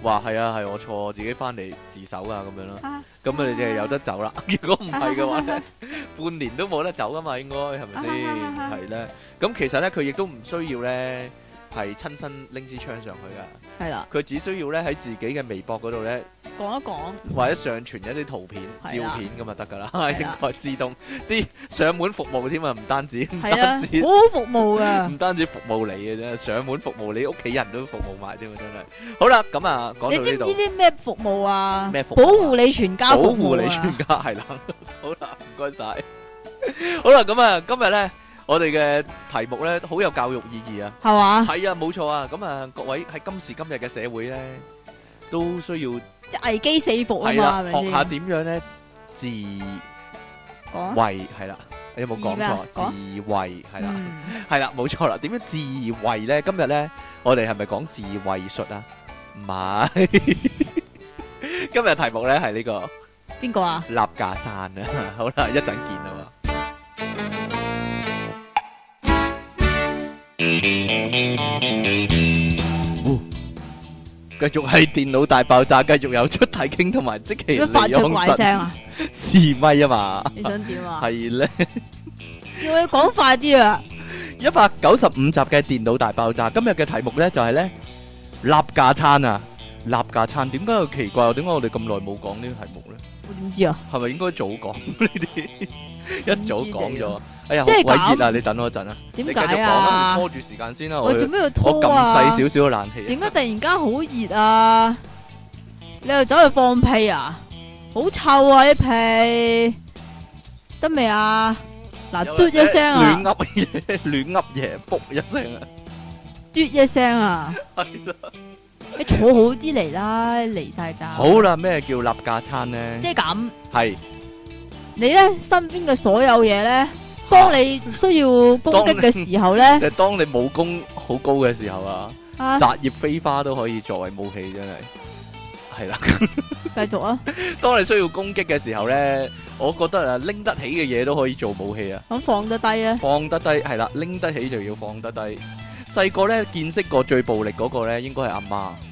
話係啊係，啊、我錯，我自己翻嚟自首啊咁樣囉，咁啊你哋就有得走啦。啊、 如果唔係嘅話咧，啊啊啊、 半年都冇得走噶嘛，應該係咪先？係咧，啊、咁、啊、其實咧佢亦都唔需要咧。係親身拎支槍上去噶係啦，佢只需要咧喺自己嘅微博嗰度咧講一講，或者上傳一啲圖片、照片咁咪得噶啦，應該自動啲上門服務添啊，唔單止唔單止，好好服務噶唔單止服務你嘅啫，上門服務你屋企人都服務埋添啊，真係。好啦，咁啊，講到呢度。你知唔知啲咩服務啊？咩服務？保護你全家，保護你全家，係啦。好啦，唔該晒。好啦，咁啊，今日咧。我哋嘅題目咧，好有教育意義啊！係嘛？係啊，冇錯啊！咁啊，各位喺今時今日嘅社會咧，都需要即係危機四伏啊嘛，係咪先？學下點樣咧，自衛係啦！你有冇講過？自衛係啦，係啦，冇錯啦！點樣自衛咧？今日咧，我哋係咪講自衛術啊？唔係，今日題目咧係呢個邊個啊？擸架餐啊！好啦，一陣見啊嘛～繼續係電腦大爆炸，繼續有出體 king 同埋積淇。你發出怪聲啊？試咪啊嘛？你想點啊？係咧，叫你講快啲啊！一百九十五集嘅電腦大爆炸，今日嘅題目咧就係咧擸架餐啊！擸架餐點解又奇怪？點解我哋咁耐冇講呢個題目咧？我點知啊？係咪應該早講呢啲？一早講咗。即係鬼熱啊！你等我一陣啊，點解啊？拖住時間先啦，我做咩要拖啊？我撳細少少個冷氣。點解突然間好熱啊？你又走去放屁啊？好臭啊！啲屁得未啊？嗱嘟一聲啊，亂噏嘢，亂噏嘢，卜一聲啊，嘟一聲啊，係啦，你坐好啲嚟啦，嚟晒咋？好啦，咩叫擸架餐咧？即係咁，係你咧身邊嘅所有嘢咧。當你需要攻擊嘅時候呢，其、啊、當你武功好高嘅時候啊，摘葉、啊、飛花都可以作為武器，真係係啦。繼續啊！ 當你需要攻擊嘅時候呢，我覺得啊，拎得起嘅嘢，都可以做武器啊。咁、嗯、放得低啊，放得低係啦，拎得起就要放得低。細個呢，見識過最暴力嗰個呢，應該係阿媽。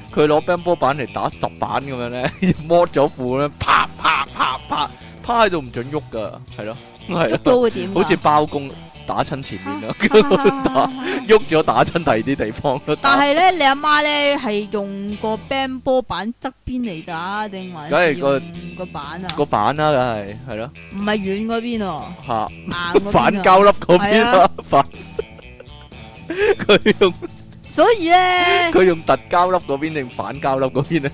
佢攞棒波板嚟打十板咁樣咧，摸咗褲咧，啪啪啪啪，趴喺度唔准喐噶，係咯，係咯，都會點？好似包公打親前面咯，打喐咗打親第二啲地方。但係咧，你阿媽咧係用個棒波板側邊嚟打定？梗係個個板啊？個板啦，梗係係咯。唔係軟嗰邊哦，吓硬板膠粒咁嘅板，佢用。所以咧，佢用凸膠粒嗰邊定反膠粒嗰邊咧，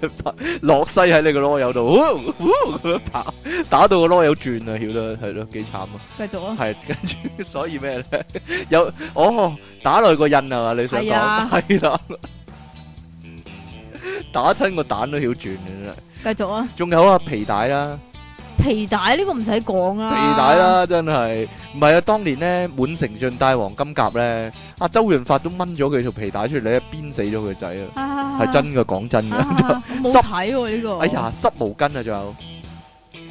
落西喺你個籮柚度，嗚嗚咁樣打，打到個籮柚轉啊，曉得係咯，幾慘啊！繼續啊，係跟住，所以咩咧？有哦，打落個印啊嘛，你想講係啦，打親個蛋都曉轉嘅。繼續啊，仲有啊皮帶啦。皮帶呢、呢個唔使講啊，皮帶啦真係，唔係啊當年咧滿城盡帶黃金甲咧，阿周潤發都掹咗佢條皮帶出嚟啊，鞭死咗佢仔啊，係真噶，講真噶，冇睇呢個，哎呀濕毛巾啊仲有，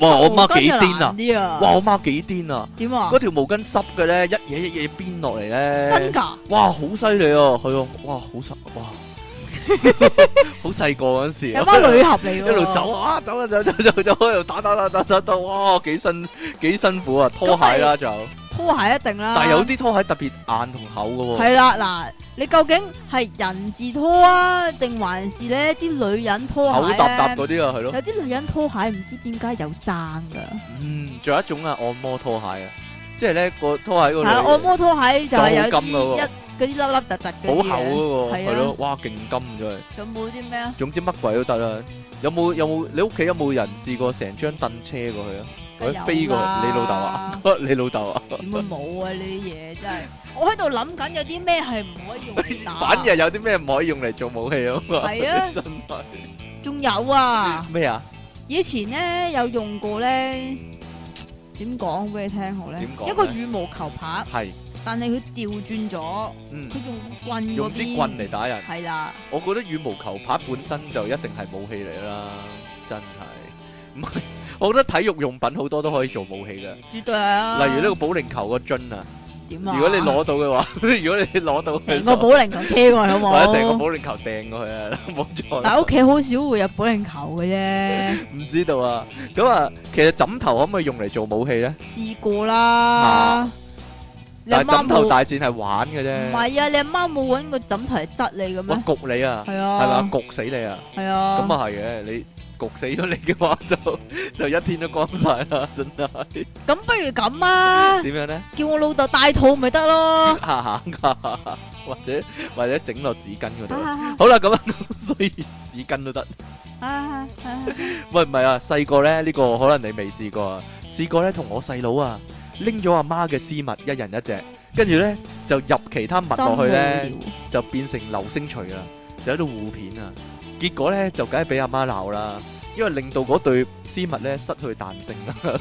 哇我媽幾癲啊，哇我媽幾癲啊，點啊，嗰條毛巾濕嘅咧，一嘢一嘢鞭落嚟咧，真噶，哇好犀利啊，係哦，哇好濕哇。好細個嗰時，有班女俠嚟， 一路走啊，走啊，走啊走、啊、走、啊，一路、啊、打，打打打打打打，哇，幾辛幾辛苦啊，拖鞋啦就，有拖鞋一定啦，但係有啲拖鞋特別硬同厚噶喎、啊，係啦，嗱，你究竟係人字拖啊，定還是咧啲女人拖鞋咧？搭，沓嗰啲啊，係咯，有啲女人拖鞋唔知點解有踭噶，嗯，仲有一種啊，按摩拖鞋啊。即係咧個拖鞋個按摩拖鞋就係有金嘅喎，一嗰啲凹凹凸凸嘅好厚嗰個係咯，哇，勁金真係，仲有冇啲咩啊？總之乜鬼都得啦，有冇有冇你屋企有冇人試過成張凳車過去啊？佢飛過去，你老豆啊？你老豆啊？點會冇啊？呢啲嘢真係，我喺度諗緊有啲咩係唔可以用嚟打，反而有啲咩唔可以用嚟做武器啊嘛？係啊，真係，仲有啊？咩啊？以前咧有用過咧。點講俾你聽好咧？呢一個羽毛球拍係，是但係佢調轉咗，佢用棍嗰邊用支棍嚟打人係啦。的我覺得羽毛球拍本身就一定係武器嚟啦，真係唔係。 我覺得體育用品好多都可以做武器噶，絕對啊！例如呢個保齡球個樽啊。如果你攞到嘅話，如果你攞到成個保齡球車過去，好冇？或者成個保齡球掟過去啊，冇錯。但係屋企好少會有保齡球嘅啫。唔知道啊，咁啊，其實枕頭可唔可以用嚟做武器咧？試過啦。但係枕頭大戰係玩嘅啫。唔係啊，你阿媽冇搵個枕頭嚟窒你嘅咩？我焗你啊，係啊，係嘛，焗死你啊，係啊，咁啊係嘅你。焗死咗你嘅話就就一天都光晒啦，真係。咁不如咁啊？點樣咧？叫我老豆戴套咪得咯。吓吓， 或者或者整落紙巾嗰度。啊啊啊、好啦，咁 啊，所以紙巾都得。啊啊喂唔係啊，細個咧呢、這個可能你未試過，試過咧同我細佬啊拎咗阿媽嘅絲襪，一人一隻，跟住咧就入其他襪落去咧，就變成流星錘啊，就喺度互片啊。結果咧就梗係俾阿媽鬧啦，因為令到嗰對絲襪咧失去彈性啦，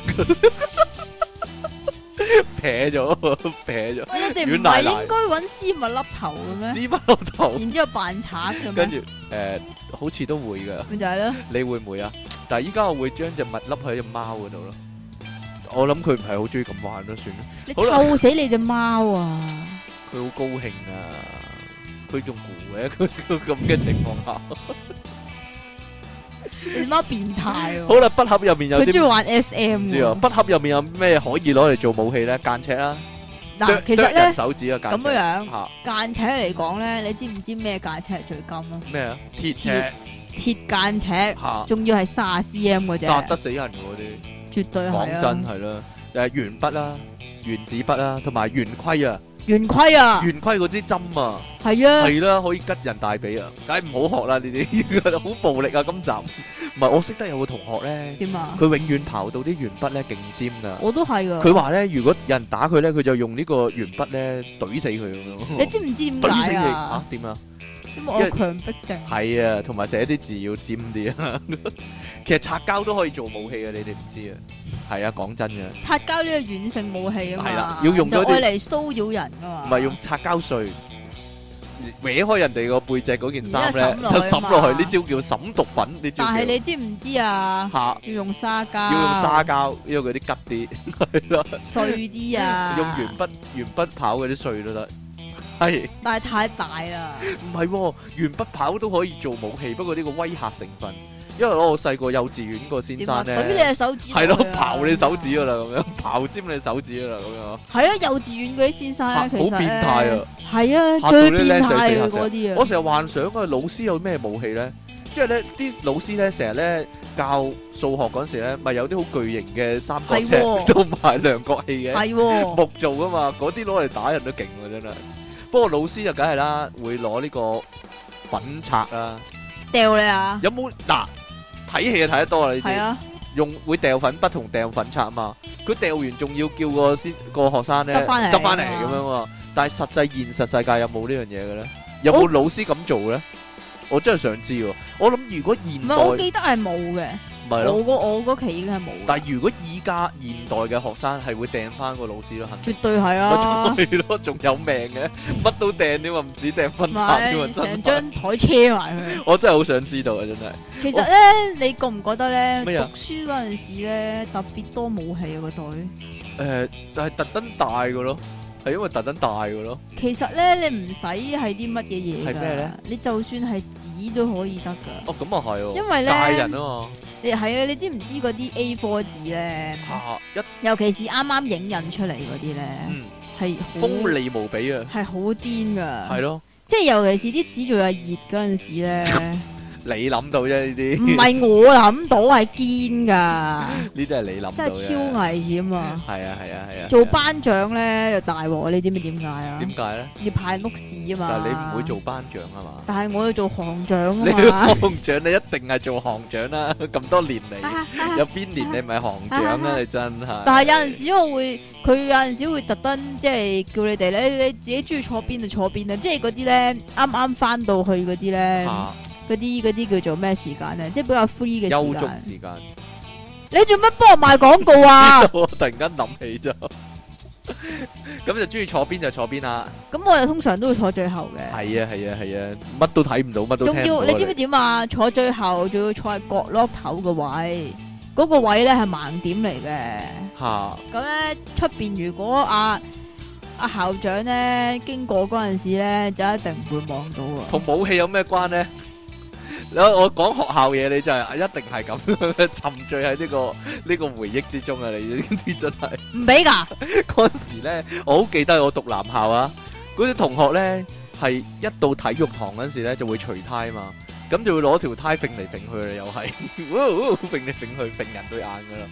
撇 咗，撇咗。你哋唔係應該揾絲襪笠頭嘅咩？絲襪笠頭然後， 然之後扮賊嘅。跟住誒，好似都會噶。咁就係啦。你會唔會啊？但係依家我會將隻襪笠喺隻貓嗰度咯。我諗佢唔係好中意咁玩咯，算啦。你臭死你隻貓啊！佢好 高興啊！佢仲攰喎，佢佢咁嘅情況下，你媽變態喎！好啦，筆盒入面有，佢中意玩 S M。好啦，筆盒入面有咩可以攞嚟做武器咧？間尺啊！嗱，其實咧，咁樣樣間尺嚟講咧，你知唔知咩間尺係最金啊？咩啊？鐵尺、鐵間尺，仲要係卅 C M 嗰隻，殺得死人嗰啲，絕對係啊！講真係啦，誒鉛筆啦、原子筆啦，同埋圓規啊！圓規啊，圓規嗰支針啊，係啊，係啦，可以吉人大髀啊，梗係唔好學啦你哋，好暴力啊！今集，唔係我識得有個同學咧，點啊？佢永遠刨到啲鉛筆咧勁尖噶，我都係噶，佢話咧，如果有人打佢咧，佢就用呢個鉛筆咧懟死佢咁咯，你知唔知點解啊？啊點啊？因為強迫症，係啊，同埋寫啲字要尖啲啊，其實擦膠都可以做武器啊！你哋唔知啊。係啊，講真嘅，擦膠呢個軟性武器啊，係啦，要用佢嚟騷擾人噶嘛，唔係用擦膠碎搲開人哋個背脊嗰件衫咧，就抌落去，呢招叫抌毒粉。呢招但係你知唔知啊？吓，要用沙膠，要用沙膠，因為佢啲急啲，係咯，碎啲啊，用鉛筆鉛筆跑嗰啲碎都得，係，但係太大喇，唔係，鉛筆跑都可以做武器，不過呢個威嚇成分。因為攞我細個幼稚園個先生咧，係咯刨你手指噶啦，咁樣刨尖你手指噶啦，咁樣。係啊，幼稚園嗰啲先生啊，其實好變態啊。係啊，最變態嘅嗰啲啊。我成日幻想啊，老師有咩武器咧？即係咧，啲老師咧成日咧教數學嗰時咧，咪有啲好巨型嘅三角尺同埋量角器嘅，係木做噶嘛？嗰啲攞嚟打人都勁真係。不過老師就梗係啦，會攞呢個粉刷啊，掉你啊。有冇嗱？睇戲睇得多啦，呢啲、啊、用會掉粉筆同掉粉刷嘛，佢掉完仲要叫個先個學生咧執翻嚟，執翻嚟咁樣、啊、但係實際現實世界有冇呢樣嘢嘅咧？有冇老師咁做咧、哦？我真係想知喎。我諗如果現代，唔係，我記得係冇嘅。係咯，我嗰我期已經係冇。但係如果依家現代嘅學生係會掟翻個老師咯，肯定絕對係啊！係咯，仲有命嘅，乜 都掟，啲喎，唔止掟粉筆添喎，成的張台車埋佢。 我真係好想知道啊！真係。其實咧，我你覺唔覺得咧？讀書嗰陣時咧，麼特別多武器啊！嗰代、呃，就係特登大個咯。係因為特登大㗎咯。其實咧，你唔使係啲乜嘢嘢㗎。係咩咧？你就算係紙都可以得㗎。哦、啊，咁啊係喎。因為咧，大人啊嘛。你係啊？你知唔知嗰啲 A4 紙咧？一尤其是啱啱影印出嚟嗰啲咧，係鋒、嗯、很利無比啊！係好癲㗎。係咯的。即係尤其是啲紙仲有熱嗰陣時咧。 你諗到啫？呢啲唔係我諗到，係堅㗎。呢啲係你諗，真係超危險啊！係啊，係啊，係啊！做班長咧又大鑊，你知唔知點解啊？點解咧？要派屋事啊嘛！但係你唔會做班長啊嘛？但係我要做行長啊嘛？行長你一定係做行長啦！咁多年嚟，有邊年你唔係行長啦？你真係。但係有陣時我會，佢有陣時會特登即係叫你哋咧，你自己中意坐邊就坐邊啊！即係嗰啲咧，啱啱返到去嗰啲咧。嗰啲啲叫做咩時間咧？即係比較 free 嘅休足時間。時間你做乜幫我賣廣告啊？ 我突然間諗起咗，咁 就中意坐邊就坐邊啦。咁我又通常都會坐最後嘅。係啊係啊係啊，乜、啊啊、都睇唔到，乜都仲要。你知唔知點啊？們坐最後仲要坐喺角落頭嘅位，嗰、嗰個位咧係盲點嚟嘅。吓咁咧，出邊如果阿、啊、阿、啊、校長咧經過嗰陣時咧，就一定唔會望到啊。同武器有咩關咧？我我講學校嘢，你就係、是、一定係咁沉醉喺呢、這個呢、這個回憶之中啊！你，你 呢啲真係唔俾噶，嗰時咧，我好記得我讀男校啊，嗰、那、啲、個、同學咧係一到體育堂嗰陣時咧就會除呔嘛，咁就會攞條呔揈嚟揈去啦，又係，揈嚟揈去揈人對眼噶啦，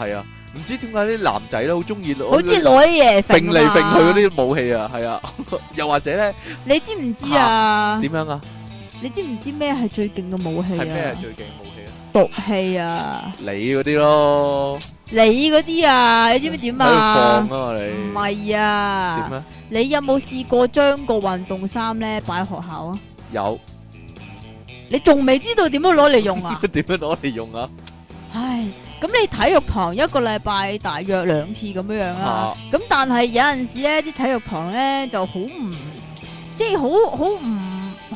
係啊，唔知點解啲男仔咧好中意攞，好似女嘢揈嚟揈去嗰啲武器啊，係啊， 又或者咧，你知唔知啊？點、啊、樣啊？你知唔知咩係最勁嘅武器啊？咩係最勁嘅武器啊？毒氣啊！你嗰啲咯，你嗰啲啊，你知唔知點啊？喺度放咯，你唔係啊？點咧、啊？你有冇試過將個運動衫咧擺喺學校啊？有。你仲未知道點樣攞嚟用啊？點 樣攞嚟用啊？唉，咁你體育堂一個禮拜大約兩次咁樣樣啊？咁、啊、但係有陣時咧啲體育堂咧就好唔，即係好好唔。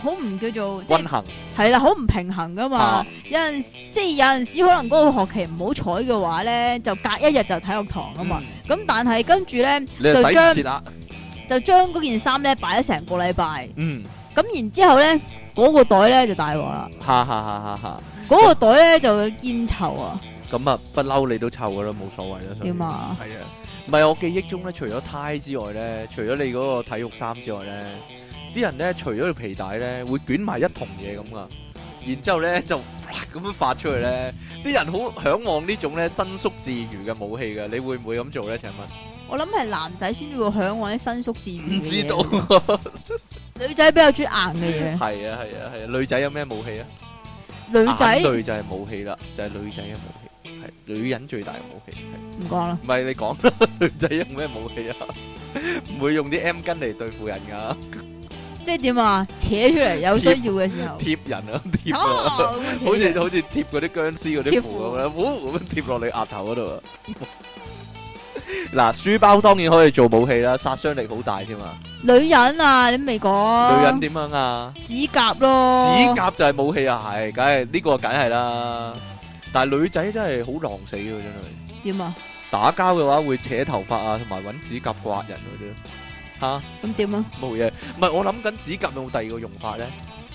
好唔叫做均衡係啦，好唔行平衡噶嘛。啊、有陣即係有陣時可能嗰個學期唔好彩嘅話咧，就隔一日就體育堂啊嘛。咁但係跟住咧就將就將嗰件衫咧擺咗成個禮拜。嗯，咁然之後咧嗰、那個袋咧就大鑊啦。哈，哈哈哈！哈，嗰個袋咧就會煙臭啊。咁 啊，不嬲你都臭噶啦，冇所謂啦。點啊嗎？係啊，唔係我記憶中咧，除咗呔之外咧，除咗你嗰個體育衫之外咧。啲人咧，除咗條皮帶咧，會捲埋一桶嘢咁啊，然之後咧就咁樣發出去咧，啲人好向往呢種咧伸縮自如嘅武器噶，你會唔會咁做咧？請問，我諗係男仔先會向往啲伸縮自如嘅嘢，唔知道，女仔比較中意硬嘅嘢。係啊係啊係啊，女仔有咩武器啊？女仔，女就係武器啦，就係女仔嘅武器，係女人最大嘅武器。唔講啦，唔係你講啦，女仔用咩武器啊？唔會用啲 M 巾嚟對付人噶。即係點啊？扯出嚟有需要嘅時候，貼人啊，貼啊，好似好似貼嗰啲僵屍嗰啲符咁樣，嗚咁貼落你額頭嗰度啊。嗱， 書包當然可以做武器啦，殺傷力好大添啊！女人啊，你未講？女人點樣啊？指甲咯，指甲就係武器啊，係，梗係呢個梗係啦。但係女仔真係好狼死嘅啊，真係。點啊？打交嘅話會扯頭髮啊，同埋搵指甲刮人嗰啲。吓，咁點啊？冇嘢，唔係我諗緊指甲有冇第二個用法咧？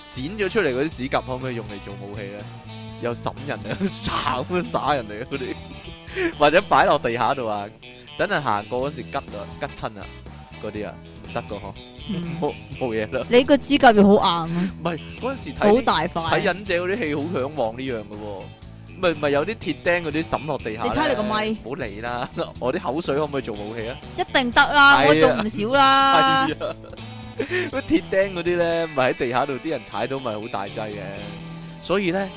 剪咗出嚟嗰啲指甲可唔可以用嚟做武器咧？又審人啊，慘， 耍人哋嗰啲， 或者擺落地下度啊，等人過、啊、行過嗰時吉啊，吉親啊，嗰啲啊，唔得個嗬？冇冇嘢啦。你個指甲咪好硬啊？唔係嗰陣時睇好大塊睇忍者嗰啲戲，好嚮往呢樣噶、啊。咪咪有啲鐵釘嗰啲沈落地下，你睇你個咪，唔好理啦。我啲口水可唔可以做武器啊？一定得啦，我做唔少啦。乜鐵釘嗰啲咧，咪喺地下度啲人踩到咪好大劑嘅。所以咧，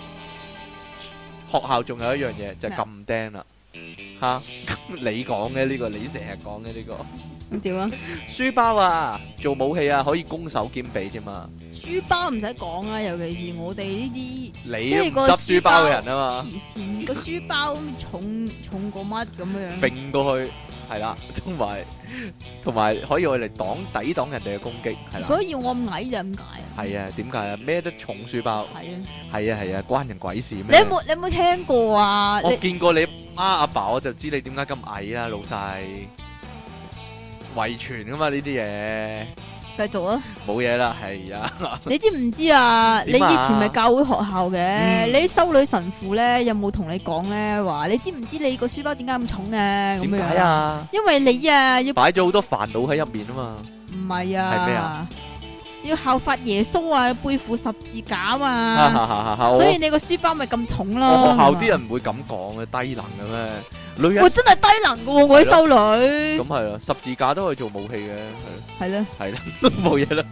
學校仲有一樣嘢就係咁釘啦。吓，咁你講嘅呢個，你成日講嘅呢個。點啊？書包啊，做武器啊，可以攻守兼備啫嘛。書包唔使講啊，尤其是我哋呢啲拎個書包嘅人啊嘛。黐線，個書包重重過乜咁樣樣。掟過去係啦，同埋同埋可以我嚟擋抵擋人哋嘅攻擊係啦。所以我矮就咁解啊。係啊，點解啊？孭得重書包。係啊，係啊，係啊，關人鬼事咩？你有冇你有冇聽過啊？我見過你媽阿爸，我就知你點解咁矮啦，老細。遺傳噶嘛呢啲嘢，繼續啊！冇嘢啦，係啊！你知唔知啊？你以前咪教會學校嘅，嗯、你修女神父咧有冇同你講咧話？你知唔知你個書包點解咁重啊？點解啊？因為你啊要擺咗好多煩惱喺入面啊嘛！唔係啊？係咩啊？要效法耶穌啊，背負十字架嘛，所以你個書包咪咁重咯。學校啲人唔會咁講嘅，低能嘅咩？女人我真係低能嘅喎，我啲修女。咁係啊，十字架都可以做武器嘅，係咯，係咯，都冇嘢啦。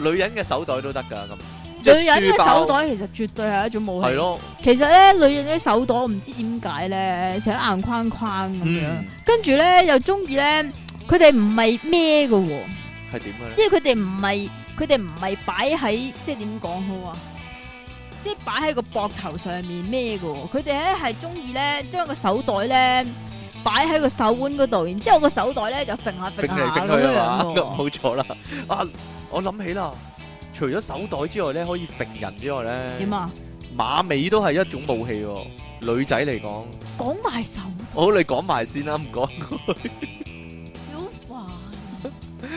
女人嘅手袋都得噶，咁女人嘅手袋其實絕對係一種武器。係咯，其實咧，女人啲手袋唔知點解咧，成日硬框框咁樣，跟住咧又中意咧，佢哋唔係咩嘅喎。即係佢哋唔係，佢哋唔係擺喺，即係點講好啊？即係擺喺個膊頭上面咩嘅？佢哋咧係中意咧將個手袋咧擺喺個手腕嗰度，然之後個手袋咧就揈下揈下咁樣咯。冇錯啦，我諗起啦，除咗手袋之外咧，可以揈人之外咧，點啊？馬尾都係一種武器，女仔嚟講，講埋手。好，你講埋先啦，唔講。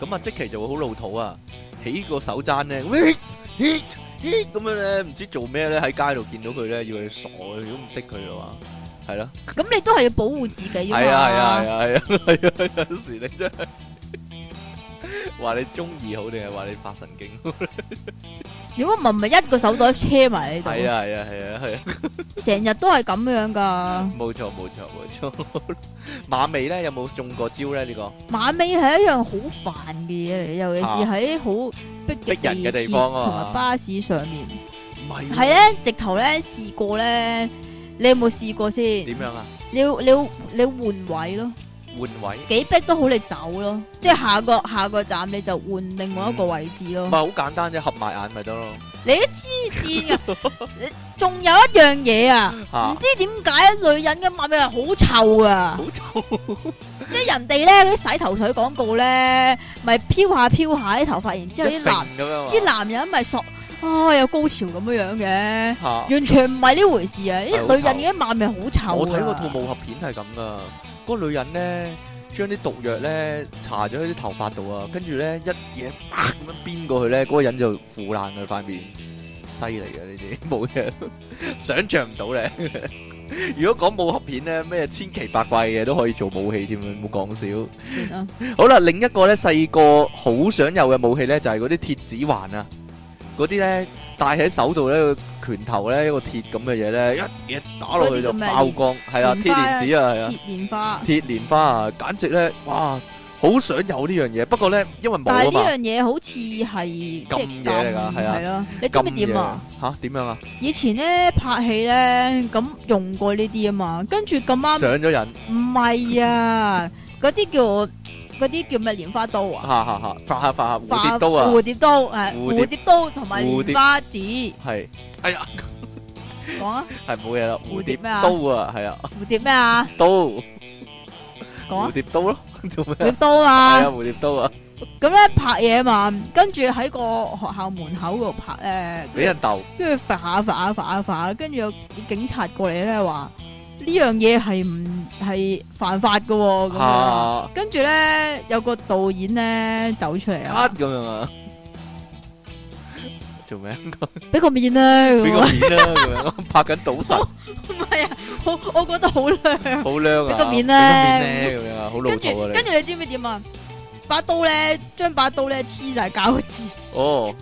咁啊，即期就會好老土啊！起個手踭咧，咁樣咧，唔知做咩咧，喺街度見到佢咧，以為你傻，如果唔識佢嘅話，係咯、啊。咁、嗯、你都係要保護自己，係啊係啊係啊係啊，有陣時你真係。 話你中意好定係話你發神經？如果唔係一個手袋車埋喺度，係啊係啊係啊係啊，成日都係咁樣噶。冇錯冇錯冇錯。馬尾咧有冇中過招咧？呢個馬尾係一樣好煩嘅嘢嚟，尤其是喺好逼人嘅地方啊，同埋巴士上面係咧，直頭咧試過咧，你有冇試過先？點樣啊？你你你換位咯。換位幾逼都好，你走咯，即係下個下個站你就換另外一個位置咯。咪好、嗯、簡單啫，合埋眼咪得咯。你啲黐線噶，仲 有一樣嘢啊，唔哈知點解女人嘅襪味係好臭啊。好臭！即係人哋咧，啲洗頭水廣告咧，咪飄下飄下啲頭髮，然之後啲男，啲 男人咪索，哦、啊、有高潮咁樣樣嘅，哈完全唔係呢回事啊！因為女人嘅襪味好臭。我睇過套武俠片係咁噶。嗰個女人咧，將啲毒藥咧搽咗喺啲頭髮度啊，跟住咧一嘢啪咁樣鞭過去咧，嗰個人就腐爛佢塊面，犀利嘅呢啲冇嘅，想象唔到咧。如果講武俠片咧，咩千奇百怪嘅嘢都可以做武器添啊，唔好講笑。好啦，另一個咧細個好想有嘅武器咧，就係嗰啲鐵指環啊，嗰啲咧戴喺手度咧。拳頭咧一個鐵咁嘅嘢咧，一嘢打落去就爆光，係啊，鐵蓮子啊，係啊，鐵蓮、啊、花、啊，鐵蓮花啊，簡直咧，哇，好想有呢樣嘢，不過咧，因為冇啊嘛。但係呢是樣嘢好似係咁嘢嚟噶，係啊，啊你知唔知點啊？吓，點樣啊？以前咧拍戲咧咁用過呢啲啊嘛，跟住咁啱上咗人，唔係啊，嗰啲 叫我。嗰啲叫咩？蓮花刀啊！吓吓吓！發下發下蝴蝶刀啊！蝴蝶刀，誒，蝴蝶刀同埋蓮花子。係，哎呀，講啊！係冇嘢啦，蝴蝶咩啊？刀啊？係啊，蝴蝶咩啊？刀，講蝴蝶刀咯，做咩？蝴蝶刀啊！係啊，蝴蝶刀啊！咁咧拍嘢嘛，跟住喺個學校門口度拍咧，俾人鬥，跟住發下發下發下發下，跟住有警察過嚟咧話。呢樣嘢係唔係犯法嘅？哦？咁樣，啊、跟住咧有個導演咧走出嚟啊，咁樣啊，做咩 啊？俾個面咧，俾個面咧，咁樣拍緊賭神。唔係啊， 我啊我覺得好靚，好靚啊！俾個面咧，好老土啊！你跟住，你知唔知點啊？把刀咧，將把，把刀咧黐晒膠紙。哦。Oh.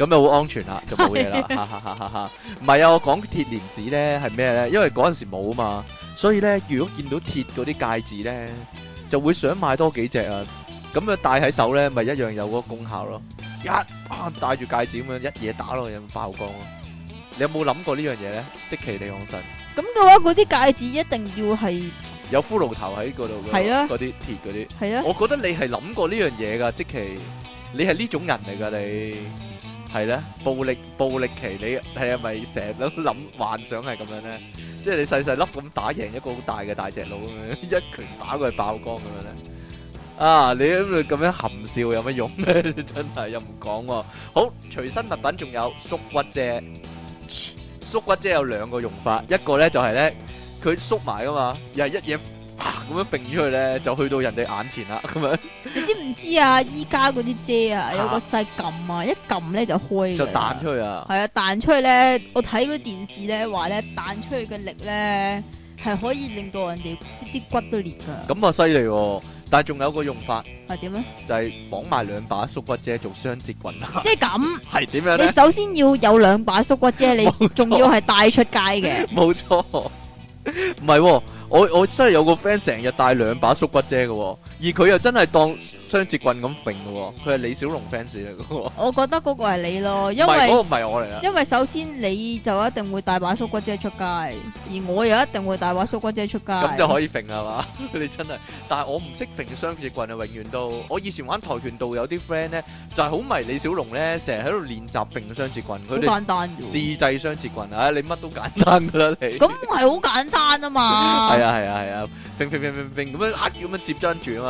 咁就好安全啦，就冇嘢啦。唔係啊，我講鐵鏈子咧係咩咧？因為嗰陣時冇啊嘛，所以咧如果見到鐵嗰啲戒指咧，就會想買多幾隻啊。咁啊戴喺手咧，咪一樣有嗰個功效咯。一啊戴住戒指咁樣一嘢打落去咁爆光咯。你有冇諗過呢樣嘢咧？即其你講實。咁嘅話，嗰啲戒指一定要係有骷髏頭喺嗰度嘅，係啦，嗰啲鐵嗰啲，係啊。我覺得你係諗過呢樣嘢噶，即其你係呢種人嚟噶你係咧，暴力暴力期你係係咪成日都諗諗幻想係咁樣咧？即係你細細粒咁打贏一個好大嘅大隻佬咁樣，一拳打佢爆光咁樣咧。啊，你咁樣含笑有乜用咧？真係又唔講喎。好，隨身物品仲有縮骨遮，縮骨遮有兩個用法，一個咧就係咧，佢縮埋噶嘛，又係一嘢。哇！咁樣揈出去咧，就去到人哋眼前啦。咁樣， 你知唔知啊？依家嗰啲遮啊，有個掣撳啊，啊一撳咧就開，就彈出去啊。係啊，彈出去咧，我睇嗰電視咧話咧，彈出去嘅力咧係可以令到人哋啲骨都裂噶。咁啊犀利！但係仲有個用法係點咧？就係綁埋兩把縮骨遮做雙節棍啊！即係咁係點樣咧？你首先要有兩把縮骨遮，你仲要係帶出街嘅。冇錯，唔係沒錯。沒錯 沒錯 我我真係有個 friend 成日帶兩把縮骨遮嘅喎。而佢又真係當雙截棍咁揈嘅喎，佢係李小龍 fans 嚟嘅喎。我覺得嗰個係你咯，因為嗰個唔係我嚟啊。因為首先你就一定會帶把縮骨遮出街，而我又一定會帶把縮骨遮出街，咁就可以揈係嘛？你真係，但係我唔識揈雙截棍啊，永遠都我以前玩跆拳道有啲 friend 咧就係好迷李小龍咧，成日喺度練習揈雙截棍，佢哋簡單嘅，自製雙截棍啊，你乜都簡單㗎啦，你咁係好簡單啊嘛？係啊係啊係啊，揈揈揈揈揈咁樣啊，咁樣接張住啊嘛！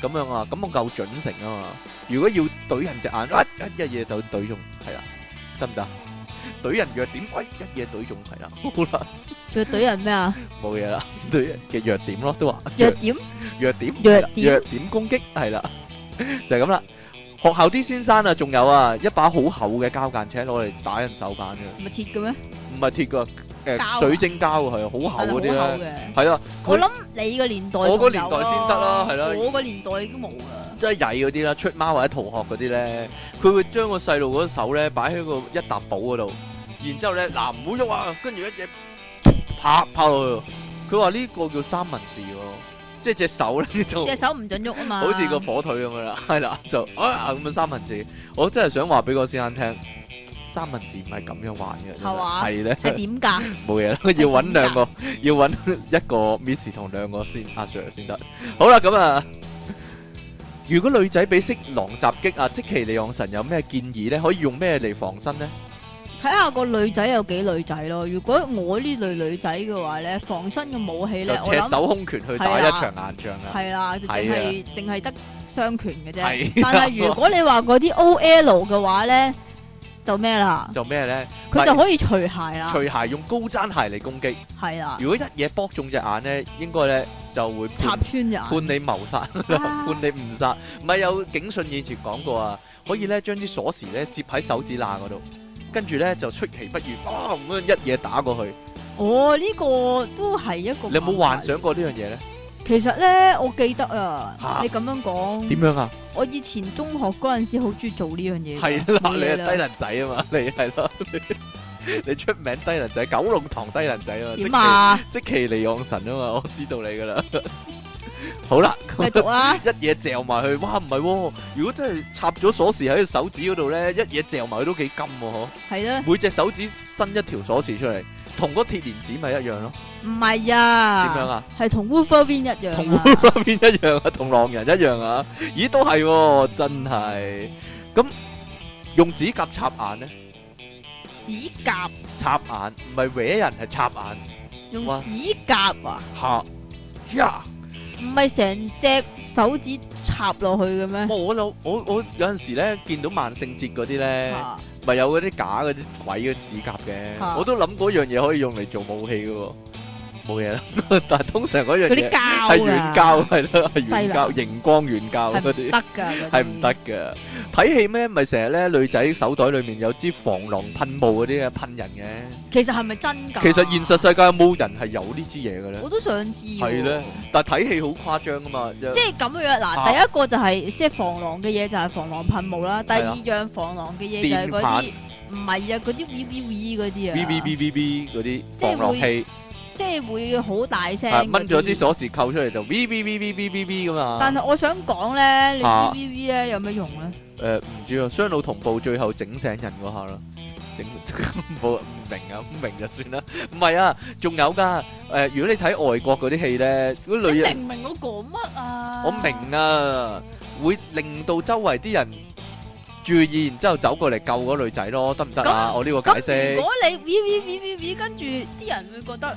咁樣啊，咁我夠準成啊嘛！如果要懟人隻眼，一一嘢就懟中，係啦，得唔得？懟人弱點，一一嘢懟中，係啦，好啦。仲要懟人咩啊？冇嘢啦，懟人嘅弱點咯，都話。弱點。弱點。弱點。弱點攻擊係啦，就係咁啦。學校啲先生啊，仲有啊，一把好厚嘅膠間尺攞嚟打人手板嘅。唔係鐵嘅咩？唔係鐵嘅。誒、欸啊、水晶膠係好厚嗰啲咧，係啊！我諗你個年代，我個年代先得啦，係啦，我個年代已經冇啦。即係曳嗰啲啦，出貓或者逃學嗰啲咧，佢會將個細路嗰手咧擺喺個一沓簿嗰度，然之後咧嗱唔好喐啊，跟住一隻啪啪，啪，啪落去。佢話呢個叫三文治喎、哦，即係隻手咧 就隻手唔準喐啊嘛，好似個火腿咁樣啦，係啦，就啊咁嘅三文治，我真係想話俾個先生聽。三文治唔係咁樣玩嘅，係話係咧，係點噶？冇嘢咯，要揾兩個，要揾一個 Miss 同兩個先，阿 Sir 先得。好啦，咁啊，如果女仔俾色狼襲擊啊，積淇離岸神有咩建議咧？可以用咩嚟防身咧？睇下個女仔有幾女仔咯。如果我呢類女仔嘅話咧，防身嘅武器咧，我諗手空拳去打一場硬仗啊，係啦，淨係淨係得雙拳嘅啫。但係如果你話嗰啲 OL 嘅話咧。就咩啦？就咩咧？佢就可以除鞋啦！除鞋用高踭鞋嚟攻擊，係啦。如果一嘢卜中隻眼咧，應該咧就會插穿隻眼，判你謀殺，判你誤殺。唔係有警訊以前講過啊，可以咧將啲鎖匙咧攝喺手指罅嗰度，跟住咧就出其不意，啊，咁樣一嘢打過去。哦，呢個都係一個你有冇幻想過呢樣嘢咧？其實咧，我記得啊，你咁樣講點樣啊？我以前中學嗰陣時，好中意做呢樣嘢。係啦，你係低能仔啊嘛，你係囉，你出名低能仔，九龍塘低能仔啊。點啊？積淇離岸神啊嘛，我知道你噶啦。好啦，繼續啊！一嘢嚼埋去，哇！唔係喎，如果真係插咗鎖匙喺個手指嗰度咧，一嘢嚼埋去都幾金喎，嗬？係啦，每隻手指伸一條鎖匙出嚟，同個鐵鏈子咪一樣咯。唔係啊，點樣啊？係同 Wolverine 一樣，同 Wolverine 一樣啊，同狼人一樣啊？咦，都係，真係。咁用指甲插眼咧？指甲插眼唔係搲人，係插眼。用指甲啊？吓呀！唔係成隻手指插落去嘅咩？我我我有陣時咧，見到萬聖節嗰啲咧，咪有嗰啲假嗰啲鬼嗰啲指甲嘅，我都諗嗰樣嘢可以用嚟做武器噶。冇嘢啦，但係通常嗰樣嘢係軟膠，係咯，係軟膠，熒光軟膠嗰啲，唔得噶，係唔得噶。睇戲咩？咪成日咧，女仔手袋裏面有支防狼噴霧嗰啲啊，噴人嘅。其實係咪真噶？其實現實世界有冇人係有呢支嘢嘅咧？我都想知。係咧，但係睇戲好誇張噶嘛。即係咁樣，嗱，第一個就係即係防狼嘅嘢就係防狼噴霧啦。第二樣防狼嘅嘢就係嗰啲唔係啊，嗰啲 V V V 嗰啲啊，V V V V V 嗰啲防狼器。即係會好大聲，掹咗支鎖匙扣出嚟就 V V V V V V V 咁啊！但係我想講咧，你 V V V 咧有咩用咧？誒唔知啊，雙腦同步最後整醒人嗰下啦，整冇唔明啊，唔明就算啦。唔係啊，仲有噶誒，如果你睇外國嗰啲戲咧，嗰女你明唔明我講乜啊？我明啊，會令到周圍啲人注意，然之後走過嚟救嗰女仔咯，得唔得啊？我呢個解釋。咁如果你 V V V V V 跟住啲人會覺得。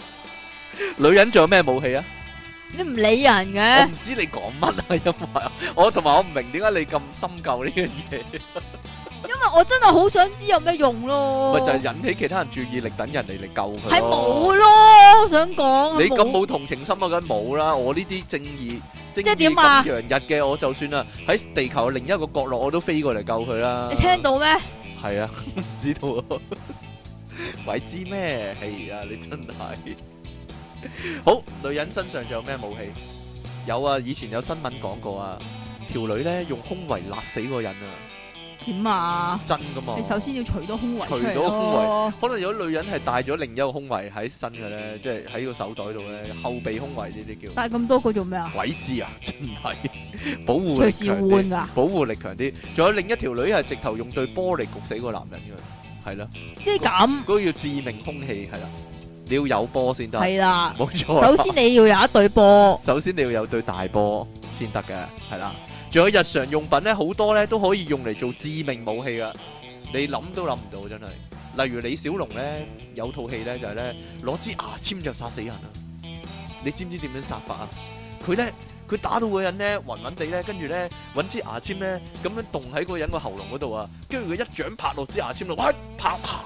女人仲有咩武器啊？你唔理人嘅？我唔知你講乜啊，因為我同埋我唔明點解你咁深究呢樣嘢。因為我真係好想知有咩用咯。咪就係引起其他人注意力，等人嚟嚟救佢咯。係冇咯，我想講你咁冇同情心啊，梗係冇啦。我呢啲正義、正義、即係點啊？金陽日嘅，我就算啊，喺地球另一個角落，我都飛過嚟救佢啦。你聽到咩？係啊，唔知道啊。鬼知咩？係啊，你真係。好，女人身上仲有咩武器？有啊，以前有新聞講過啊，條女咧用胸圍勒死個人啊。點啊？真噶嘛？你首先要除咗胸圍，除咗胸圍，可能如果女人係帶咗另一個胸圍喺身嘅咧，即係喺個手袋度咧，後備胸圍呢啲叫。帶咁多個做咩啊？鬼知啊，真係保護，隨時換噶，保護力強啲。仲有另一條女係直頭用對玻璃焗死個男人噶，係啦。即係咁。嗰個叫致命空氣，係啦。你要有波先得，係啦，冇錯。首先你要有一對波，首先你要有對大波先得嘅，係啦。仲有日常用品咧，好多咧都可以用嚟做致命武器噶。你諗都諗唔到，真係。例如李小龍咧，有套戲咧就係咧，攞支牙籤就殺死人啦。你知唔知點樣殺法啊？佢咧，佢打到個人咧，暈暈地咧，跟住咧，揾支牙籤咧，咁樣洞喺個人個喉嚨嗰度啊，跟住佢一掌拍落支牙籤度，哇，啪啪。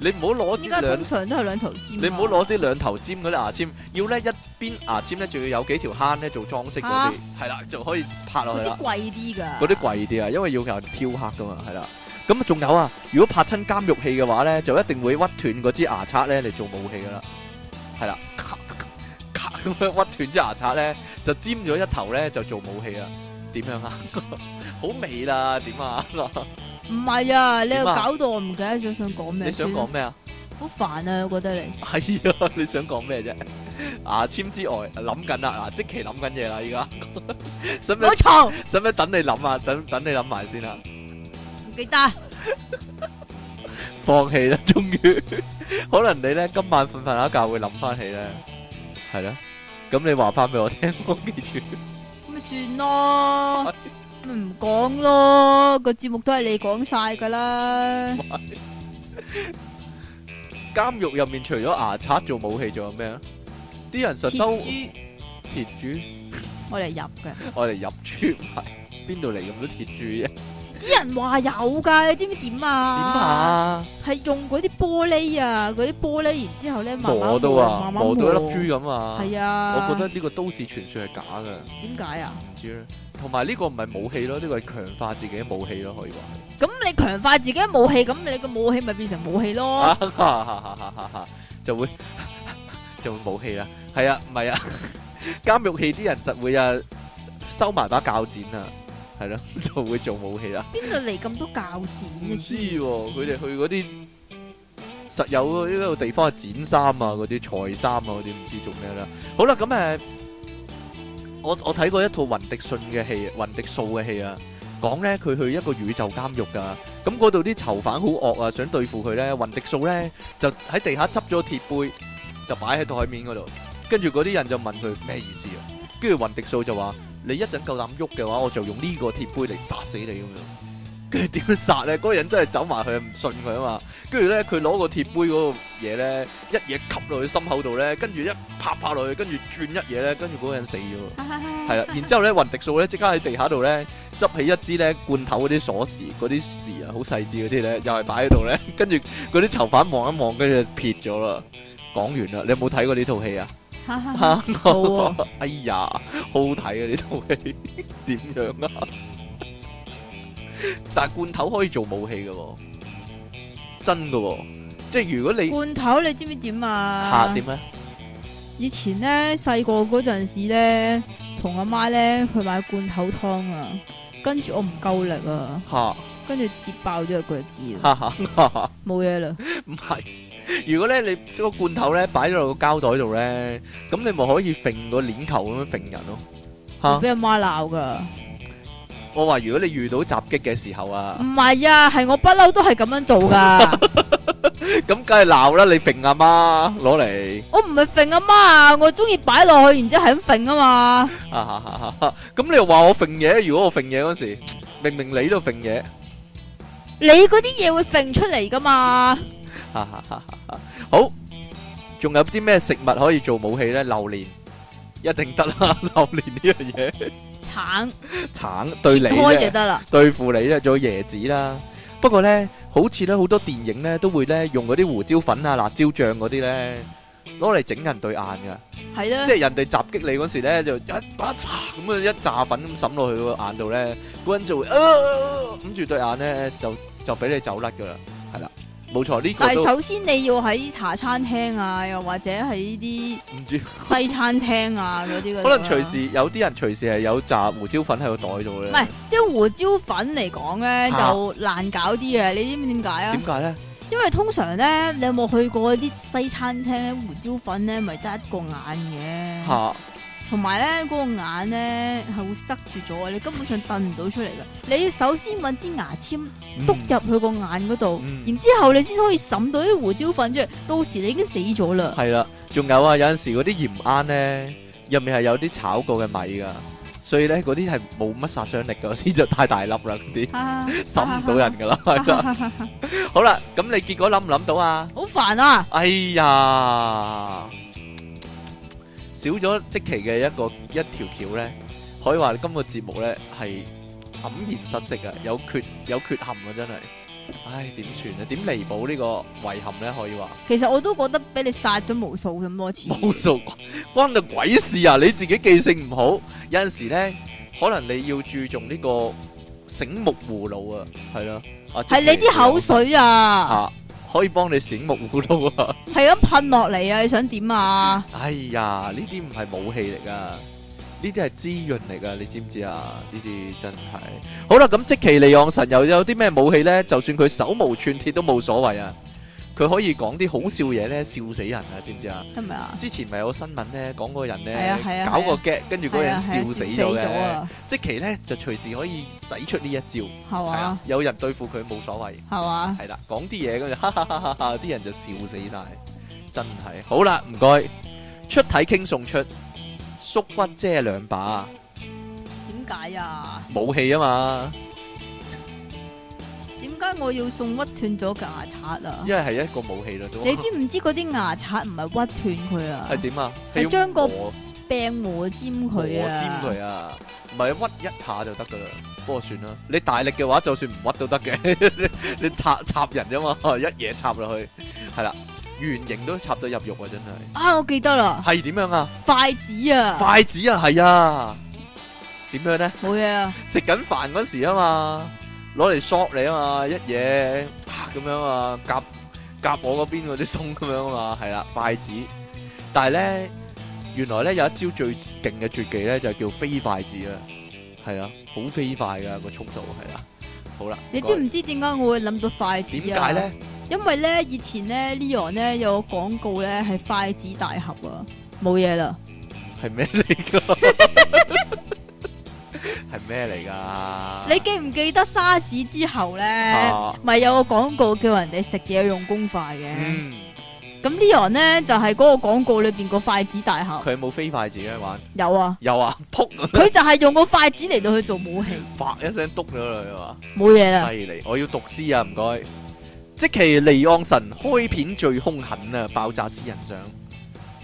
你唔好攞啲兩頭都係兩頭尖。你唔好攞啲兩頭尖嗰啲牙籤，要咧一邊牙籤咧，仲要有幾條坑咧做裝飾嗰啲，係啦蛤，就可以拍落去。嗰啲貴啲噶，嗰啲貴啲啊，因為要靠挑客噶嘛，係啦。咁仲有啊，如果拍親監獄器嘅話咧，就一定會屈斷嗰支牙刷咧嚟做武器噶啦，係啦，咁樣屈斷支牙刷咧，就尖咗一頭咧就做武器啦，點樣啊？ 好味啦，點啊？ 唔係啊，你又搞到我唔記得咗想講咩？你想講咩啊？好煩啊，我覺得你係啊，你想講咩啫？牙籤之外，諗緊啦，嗱，即期諗緊嘢啦，而家好嘈，使唔使等你諗啊？等等你諗埋先啦，唔記得，放棄啦，終於，可能你咧今晚瞓瞓一覺會諗翻起咧，係咯，咁你話翻俾我聽多幾句，咁咪算咯。唔講咯，個節目都係你講晒噶啦。監獄入面除咗牙刷做武器，仲有咩啊？啲人實收鐵珠，我嚟入嘅。我嚟入珠，係邊度嚟咁多鐵珠嘅？啲人話有噶，你知唔知點啊？點啊？係用嗰啲玻璃啊，嗰啲玻璃然，然之後咧磨到慢磨到一粒珠咁啊。係啊，我覺得呢個都市傳說係假噶。點解啊？唔知啦。同埋呢個唔係武器咯，呢、這個係強化自己嘅武器咯，可以話。咁你強化自己嘅武器，咁你個武器咪變成武器咯？ 就會 就會武器啦，係啊，唔係啊？監獄器啲人實會啊，收埋把鉸剪啊，係咯、啊，就會做武器啦。邊度嚟咁多鉸剪嘅、啊？知、啊，佢哋去嗰啲實有嗰啲地方剪衫啊，嗰啲裁衫啊，嗰啲唔知做咩啦、啊。好啦、啊，咁、嗯、誒。我我睇過一套《雲迪信》嘅戲，《雲迪素》嘅戲啊，講咧佢去一個宇宙監獄噶，咁嗰度啲囚犯好惡啊，想對付佢咧，雲迪素咧就喺地下執咗個鐵杯，就擺喺台面嗰度，跟住嗰啲人就問佢咩意思啊，跟住雲迪素就話：你一陣夠膽喐嘅話，我就用呢個鐵杯嚟殺死你咁樣。跟住點樣殺咧？嗰個人真係走埋去，唔信佢啊嘛！跟住咧，佢攞個鐵杯嗰個嘢咧，一嘢吸落去心口度咧，跟住一拍拍落去，跟住轉一嘢咧，跟住嗰個人死咗。係啦， 然之後咧，雲迪素咧即刻喺地下度咧執起一支咧罐頭嗰啲鎖匙嗰啲匙啊，好細緻嗰啲咧，又係擺喺度咧。跟住嗰啲囚犯望一望，跟住撇咗啦。講完啦，你有冇睇過呢套戲啊？哎呀，好好睇啊！呢套戲點樣啊？ 但係罐頭可以做武器嘅。哦，真嘅。哦，即係如果你罐頭，你知唔知點啊？吓點咧？呢以前咧細個嗰陣時咧，同阿媽咧去買罐頭湯啊，跟住我唔夠力啊，吓哈，跟住跌爆咗個腳趾，吓冇嘢啦。唔係， 如果咧你將個罐頭咧擺咗落個膠袋度咧，咁你咪可以揈個鏈球咁樣揈人咯，吓俾阿媽鬧噶。我話如果你遇到襲擊嘅時候啊，唔係啊，係我不嬲都係咁樣做噶。咁梗係鬧啦，你揈阿媽攞嚟。我唔係揈阿媽啊，我中意擺落去，然之後係咁揈啊嘛。咁你又話我揈嘢，如果我揈嘢嗰時，明明你都揈嘢，你嗰啲嘢會揈出嚟噶嘛。好，仲有啲咩食物可以做武器呢？榴蓮一定得啦，榴蓮呢樣嘢。橙橙對你咧，對付你咧，仲有椰子啦。不過咧，好似咧好多電影咧都會咧用嗰啲胡椒粉啊、辣椒醬嗰啲咧攞嚟整人對眼㗎。係啦，即係人哋襲擊你嗰時咧，就一啪咁啊，一炸粉咁揼落去個眼度咧，嗰人就會啊揾住對眼咧，就就俾你走甩㗎啦。冇錯，呢、呢個都。但係首先你要喺茶餐廳啊，又或者喺啲西餐廳啊嗰啲。可能隨時有啲人隨時係有集胡椒粉喺個袋度咧。唔係，啲胡椒粉嚟講咧就難搞啲啊。你知唔知點解啊？點解咧？因為通常咧，你有冇去過啲西餐廳咧？胡椒粉咧，咪得一個眼嘅。嚇、啊！同埋咧，嗰、那個眼咧係會塞住咗啊！你根本上瞪唔到出嚟嘅。你要首先揾支牙籤篤入佢個眼嗰度，嗯、然之後你先可以滲到啲胡椒粉出嚟。到時你已經死咗啦。係啦，仲有啊，有陣時嗰啲鹽罌呢入面係有啲炒過嘅米㗎，所以咧嗰啲係冇乜殺傷力㗎，啲就太大粒啦，啲滲唔到人㗎啦。好啦，咁你結果諗唔諗到啊？好煩啊！哎呀～少咗即期嘅一個一條橋咧，可以話今個節目咧係黯然失色啊，有缺有缺陷啊，真係。唉，點算啊？點彌補呢個遺憾咧？可以話。其實我都覺得俾你殺咗無數咁多次，無數，關到鬼事啊！你自己記性唔好，有陣時咧可能你要注重呢個醒目葫蘆啊，係咯。係你啲口水啊！嗯啊。可以幫你醒目路啊！係咁噴落嚟啊！你想點啊？哎呀，呢啲唔係武器嚟噶，呢啲係滋潤嚟噶，你知唔知啊？呢啲真係好啦！咁積淇離岸神又有啲咩武器呢？就算佢手無寸鐵都冇所謂啊！佢可以講啲好笑嘢咧，笑死人啊！知唔知啊？之前咪有新聞咧，講嗰個人咧，啊啊、搞個 gag 跟住，嗰人笑死咗嘅。啊啊、呢即期咧就隨時可以使出呢一招。係啊，啊，有人對付佢冇所謂。係嘛，啊。係啦，啊，講啲嘢咁就哈哈哈！啲人就笑死但曬，真係。好啦，唔該，出體 king 送出，縮骨遮兩把。點解啊？武器啊嘛。我要送屈斷咗牙刷啊！因為係一個武器咯。 你知唔知嗰啲牙刷唔係屈斷佢啊？係點啊？係將個柄磨尖佢啊？磨尖佢啊？唔係屈一下就得噶啦。不過算啦，你大力嘅話就算唔屈都得嘅。 你插插人啫嘛，一嘢插落去係啦，圓 形都插到入肉啊！真係啊，我記得啦，係點樣啊？筷子啊？筷子啊？係啊？點 樣咧呢？冇嘢啊！食緊飯嗰時啊嘛。攞嚟削你啊嘛，一嘢啪咁樣啊，夾夾我嗰邊嗰啲松咁樣啊，係啦筷子。但係咧，原來咧有一招最勁嘅絕技咧，就叫飛筷子啊，係啊，好飛快噶個速度係啦，好啦。你知唔知點解我會諗到筷子啊？點解咧？因為咧以前咧 Leon 咧有個廣告咧係筷子大盒啊，冇嘢啦。係咩嚟噶？ 係咩嚟噶？ 你記唔記得沙士之後咧，咪、啊、有個廣告叫人哋食嘢用公筷嘅？咁、嗯、Leon 咧就係、是、嗰個廣告裏邊個筷子大俠。佢冇飛筷子嘅玩？有啊，有啊，撲！佢就係用個筷子嚟到去做武器，啪 一聲篤咗佢啊！冇嘢啦，犀利！我要讀詩啊，唔該。積淇離岸神開片最凶狠啊，爆炸詩人獎，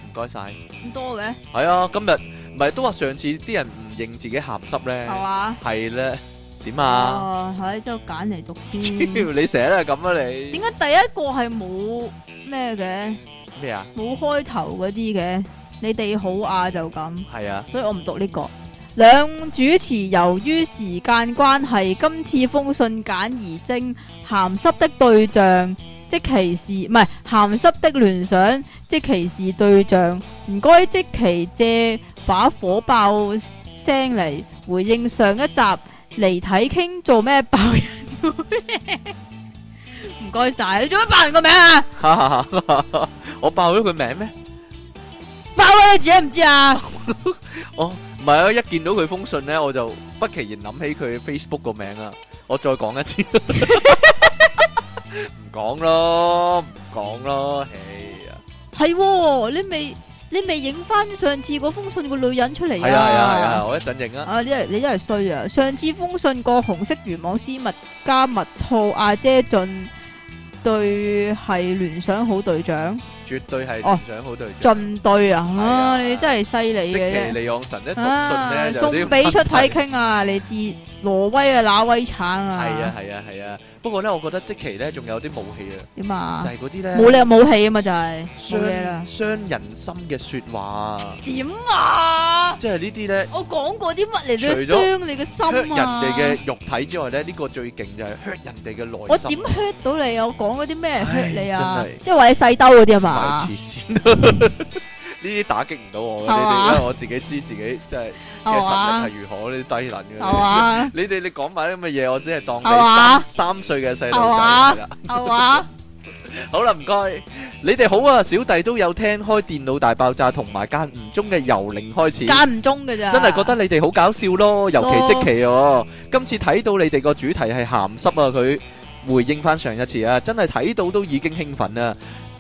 唔該晒。咁多嘅？係啊，今日。唔係都話上次啲人唔認自己鹹濕咧，係嘛吧？係啦，點啊？哦，喺度揀嚟讀先。 你成日都係咁啊！你點解第一個係冇咩嘅？咩啊？冇開頭嗰啲嘅，你哋好啊就咁係啊，所以我唔讀呢、呢個 兩主持。由於時間關係，今次封信簡而精，鹹濕的對象，即歧視，唔係鹹濕的聯想，即歧視對象，唔該，即其借。把火爆聲嚟，回應上一集嚟睇傾做咩爆人嘅？唔該晒，你做咩爆人個名啊？我爆咗佢名咩？爆咗你自己唔知啊？我唔係啊，一見到佢封信咧，我就不期然諗起佢 Facebook 個名啊！我再講一次，唔講咯，唔講咯，係啊，係喎，你未？你未影翻上次嗰封信個女人出嚟，啊？係啊係啊，啊，我一陣影啊！啊，你係你真係衰啊！上次封信個紅色漁網絲襪加密套阿姐進隊係聯想好隊長，絕對係哦，聯想好隊長進隊啊！你真係犀利嘅啫！即其利用神一讀信咧，出體 king 啊！你自挪威啊，那威慘啊？係啊係啊係啊！不過咧，我覺得即期咧仲有啲武器啊！點啊？就係嗰啲咧冇靚武器啊嘛，就係傷傷人心嘅説話。點啊？即係呢啲咧，我講過啲乜嚟到傷你嘅心啊？除咗 hurt 人哋嘅肉體之外咧，呢、呢個最勁就係 hurt 人哋嘅內心。我點 hurt 到你啊？我講嗰啲咩 hurt 你啊？即係話你細兜嗰啲啊嘛？一 呢啲打擊唔到我嘅，你哋，因為我自己知自己即係嘅實力係如何，呢啲低能嘅。你哋你講埋啲咁嘅嘢，我只係當你三歲嘅細路仔。好啦，唔該，你哋好啊，小弟都有聽開電腦大爆炸同埋間唔中嘅遊靈開始，間唔中嘅咋，真係覺得你哋好搞笑咯，尤其積淇哦，今次睇到你哋個主題係鹹濕啊，佢回應返上一次啊，真係睇到都已經興奮啊！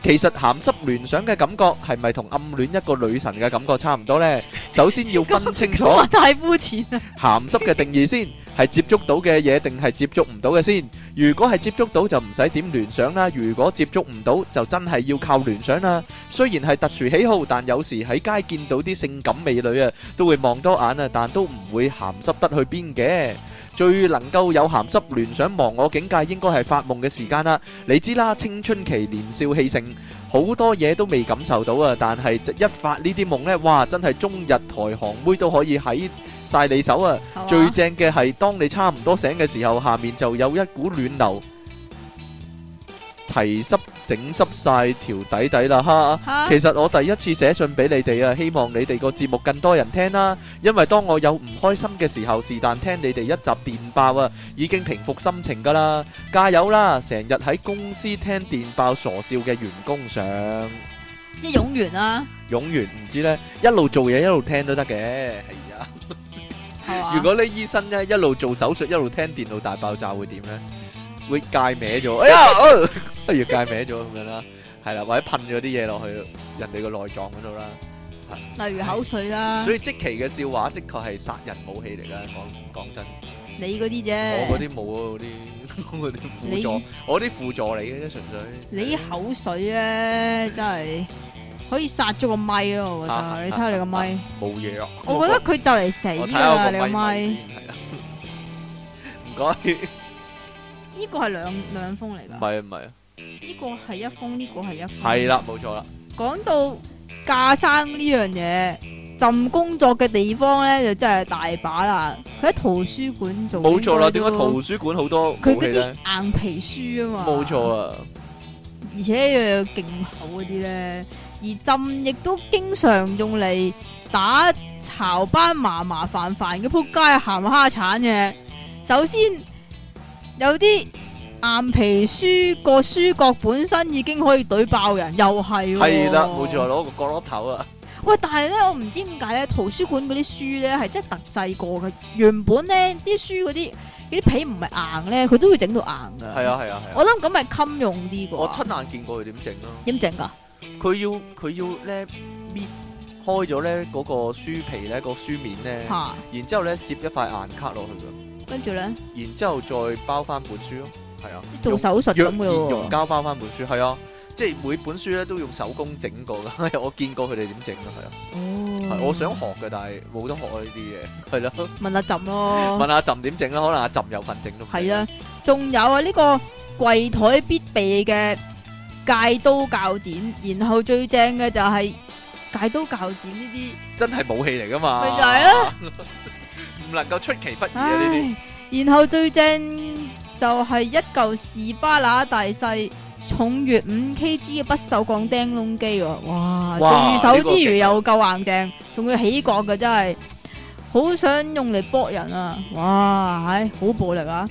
其實鹹濕聯想嘅感覺係咪同暗戀一個女神嘅感覺差唔多呢？首先要分清楚。太膚淺啦！鹹濕嘅定義先，係接觸到嘅嘢定係接觸唔到嘅先？如果係接觸到就唔使點聯想啦。如果接觸唔到就真係要靠聯想啦。雖然係特殊喜好，但有時喺街見到啲性感美女啊，都會望多眼啊，但都唔會鹹濕得去邊嘅。最能夠有鹹濕聯想忘我境界，應該係發夢嘅時間啦。你知啦，青春期年少氣盛，好多嘢都未感受到啊。但係一發呢啲夢呢，哇！真係中日台韓妹都可以喺晒你手啊。最正嘅係，當你差唔多醒嘅時候，下面就有一股暖流。係濕整濕曬條底底啦，哈！其實我第一次寫信俾你哋啊，希望你哋個節目更多人聽啦。因為當我有唔開心嘅時候，是但聽你哋一集電爆啊，已經平復心情㗎喇。加油啦！成日喺公司聽電爆傻笑嘅員工上，即係湧完啦，永遠唔知呢，一路做嘢一路聽都得嘅。係啊，如果呢醫生呢一路做手術一路聽電腦大爆炸會點呢？會戒歪咗，哎呀，不如戒歪咗咁樣啦，係啦，或者噴咗啲嘢落去人哋個內臟嗰度啦，例如口水啦。所以積淇嘅笑話的確係殺人武器嚟噶，講講真。你嗰啲啫。我嗰啲冇啊，啲，我啲輔助，我啲輔助嚟嘅，純粹。你口水咧，真係可以殺咗個咪咯，我覺得。你睇下你個咪。冇嘢咯。我覺得佢就嚟死噶啦，你個咪。唔該。呢個係兩兩封嚟噶，唔係唔係，呢個係一封，呢個係一封，係啦，冇錯啦。講到架生呢樣嘢，浸工作嘅地方咧，就真係大把啦。佢喺圖書館做，就是，冇錯啦。點解圖書館好多？佢嗰啲硬皮書啊嘛，冇錯啊。而且又有勁厚嗰啲咧，而浸亦都經常用嚟打巢班麻麻煩煩嘅仆街啊咸蝦鏟嘅。首先。有啲硬皮書個書角本身已經可以懟爆人，又係係啦，冇錯，攞個角落頭啊！喂，但係咧，我唔知點解咧，圖書館嗰啲書咧係真係特製過嘅。原本咧啲書嗰啲啲皮唔係硬咧，佢都會整到硬噶。係啊係啊係啊！啊啊我諗咁咪襟用啲啩？我親眼見過佢點整咯。點整噶？佢要佢要咧搣開咗咧嗰個書皮咧、個書面咧，哈然之後咧攝一塊硬卡落去嘅。跟住咧，然之後再包翻本書咯，係啊，做手術咁嘅喎，用膠包翻本書，係啊，即係每本書咧都用手工整過啦，我見過佢哋點整啦，係啊，哦，我想學嘅，但係冇得學啊呢啲嘢，係咯，問阿朕咯，問阿朕點整咯，可能阿朕有份整到。係啊，仲有啊，呢個櫃台必備嘅戒刀鉸剪，然後最正嘅就係戒刀鉸剪呢啲，真係武器嚟噶嘛，咪就係咯。能夠出其不意呢啲，然後最正就係一嚿士巴拿大細，重越五 Kg 嘅不鏽鋼釘窿機喎，哇！對手之餘又夠硬淨，仲要起角㗎真係，好想用嚟搏人啊！哇，唉，好暴力啊！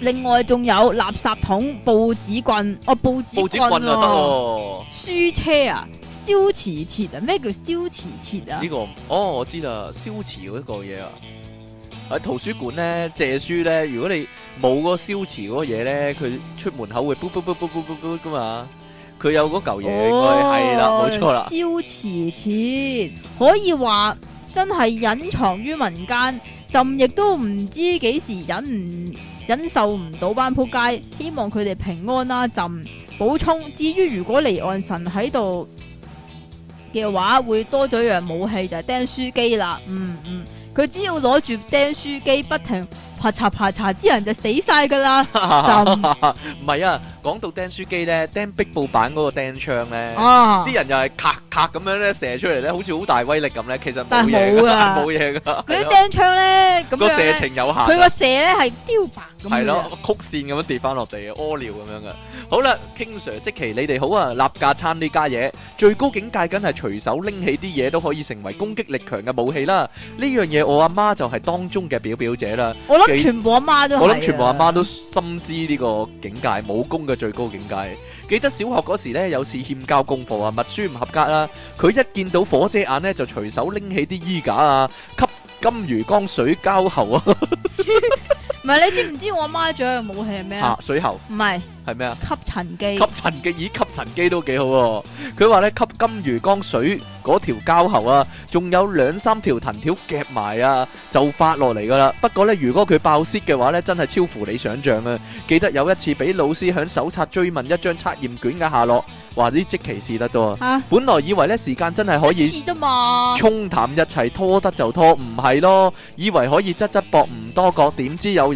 另外仲有垃圾桶、報紙棍、哦報紙棍啊，得咯，書車啊。消磁鐵啊？咩叫消磁鐵啊？呢個哦，我知道消磁嗰一個嘢啊。喺圖書館咧借書咧，如果你冇嗰個消磁嗰個嘢咧，佢出門口會 boom boom 噶嘛。佢有嗰嚿嘢，應該係啦，冇錯啦。消磁鐵可以話真係隱藏於民間，朕亦都唔知幾時忍唔忍受唔到班撲街，希望佢哋平安啦。朕補充，至於如果離岸神喺度嘅話會多咗一樣武器，就係釘書機啦，嗯嗯，佢只要攞住釘書機不停。啪嚓啪嚓啲人就死晒噶啦，就唔係啊！講到釘書機咧，釘壁布板嗰個釘槍咧，啲人又係咔咔咁樣咧射出嚟咧，好似好大威力咁咧，其實冇嘢噶，冇嘢噶。佢啲釘槍咧，咁個射程有限，佢個射咧係丟盤，係咯曲線咁樣跌翻落地，屙尿咁樣噶。好啦，King Sir，積淇你哋好啊！擸架餐呢家嘢最高境界梗係隨手拎起啲嘢都可以成為攻擊力強嘅武器啦。呢樣嘢我阿媽就係當中嘅表表姐啦。我諗。全部阿媽都、啊，我諗全部阿媽都深知呢個境界，武功嘅最高境界。記得小學嗰時咧，有次欠交功課啊，默書唔合格啦，佢一見到火遮眼呢，就隨手拎起啲衣架啊，吸金魚缸水膠喉啊！ 唔係，你知唔知我阿媽最愛嘅武器係咩？水喉唔係，係咩啊？吸塵機，吸塵機咦，吸塵機都幾好。佢話咧，吸金魚缸水嗰條膠喉啊，仲有兩三條藤條夾埋啊，就發落嚟噶啦。不過咧，如果佢爆泄嘅話咧，真係超乎你想象啊！記得有一次俾老師響手冊追問一張測驗卷嘅下落，話啲即其事得多。本來以為咧，時間真係可以，沖淡一切，拖得就拖，唔係咯，以為可以窒窒搏唔多角，點知有。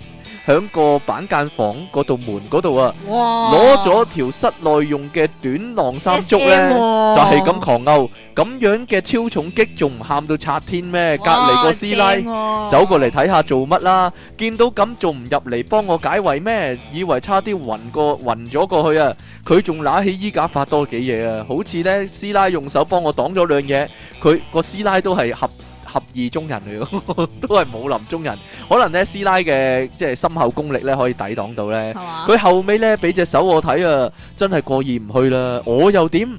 響個板間房嗰度門嗰度啊，攞咗條室內用嘅短晾衫竹咧，就係咁狂毆，咁樣嘅超重擊仲唔喊到拆天咩？隔籬個師奶走過嚟睇下做乜啦，見到咁仲唔入嚟幫我解圍咩？以為差啲暈過暈咗過去啊！佢仲揦起衣架發多幾嘢啊，好似咧師奶用手幫我擋咗兩嘢，佢個師奶都係合。合意中人嚟嘅，都係武林中人。 可能呢師奶嘅即係深厚功力呢，可以抵擋到呢。佢 後尾呢，俾隻手我睇啊，真係過意唔去啦。我又點？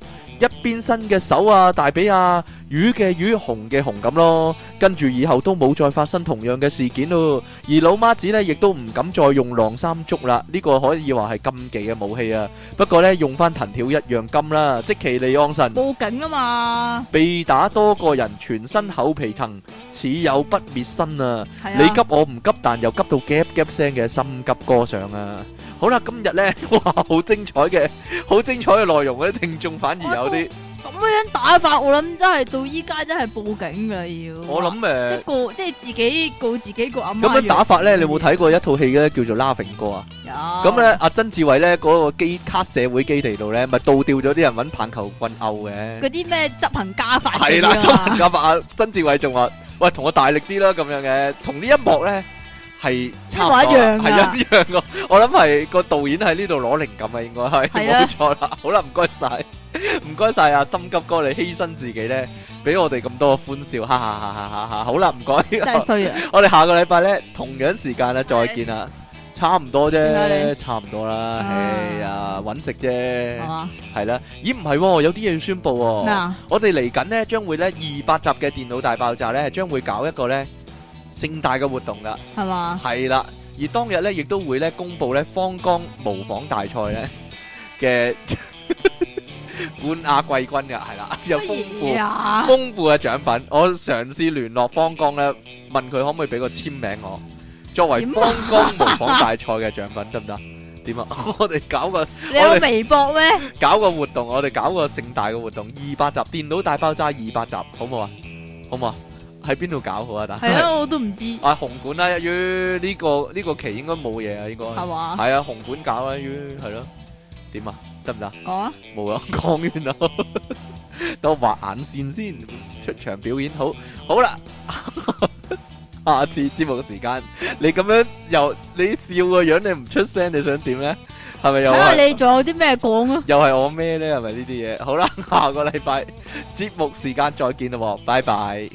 一邊伸嘅手啊，大髀啊，魚嘅魚，紅嘅紅咁咯，跟住以後都冇再發生同樣嘅事件咯。而老媽子呢，亦都唔敢再用晾衫竹啦，呢、這個可以話係禁忌嘅武器啊。不過呢，用翻藤條一樣金啦，即其離岸神。報警啊嘛！被打多個人，全身厚皮層，似有不滅身啊！啊你急我唔急，但又急到夾夾聲嘅心急歌上啊！好啦，今日咧，哇，好精彩嘅，好精彩嘅內容啊！聽眾反而有啲咁嘅樣打法，我諗真係到依家真係報警噶要。我諗想誒吧，即告即係自己告自己個阿媽。咁樣打法咧，子你有冇睇過一套戲咧？叫做《Laughing 哥》歌啊。咁咧有，阿曾志偉咧，嗰、那個機卡社會基地度咧，咪倒掉咗啲人揾棒球棍毆嘅。嗰啲咩執行家法、啊、法？係啦，執行家法。阿曾志偉仲話，喂，同我大力啲啦，咁樣嘅。同呢一幕咧。係差唔多，係一樣噶。我諗係個導演喺呢度攞靈感啊，應該係冇錯啦。好啦，唔該晒，唔該晒啊！心急哥嚟犧牲自己咧，俾我哋咁多嘅歡笑，哈哈哈！哈哈，好啦，唔該，真係衰人。我哋下個禮拜咧，同樣時間咧，再見啦，差唔多啫，差唔多啦。哎呀，揾食啫，係啦。咦，唔係喎，有啲嘢要宣布喎。咩啊？我哋嚟緊咧，將會咧二百集嘅電腦大爆炸咧，將會搞一個咧，盛大嘅活動噶，係嘛嗎？係啦，而當日咧亦都會咧公布咧方剛模仿大賽咧嘅冠亞季軍噶，係啦，麼有豐富豐 富嘅獎品。我嘗試聯絡方剛咧，問佢可唔可以俾個簽名我，作為方剛模仿大賽嘅獎品得唔得？點啊？ 行行行行 我哋搞個，你有微博咩？搞個活動，我哋搞個盛大嘅活動，二百集電腦大爆炸二百集，好唔好啊？好唔好啊？喺邊度搞好啊？但係咯，我都唔知。啊，紅館啦，一於呢個呢個期應該冇嘢啊，應該係嘛？係啊，紅館搞啦，於係咯。點啊？得唔得？講啊！冇啊！講完啦，到畫眼線先。出場表演好，好啦。下次節目嘅時間，你咁樣又你笑個樣，你唔出聲，你想點咧？係咪又？啊，你仲有啲咩講啊？又係我咩咧？係咪呢啲嘢？好啦，下個禮拜節目時間再見啦，拜拜。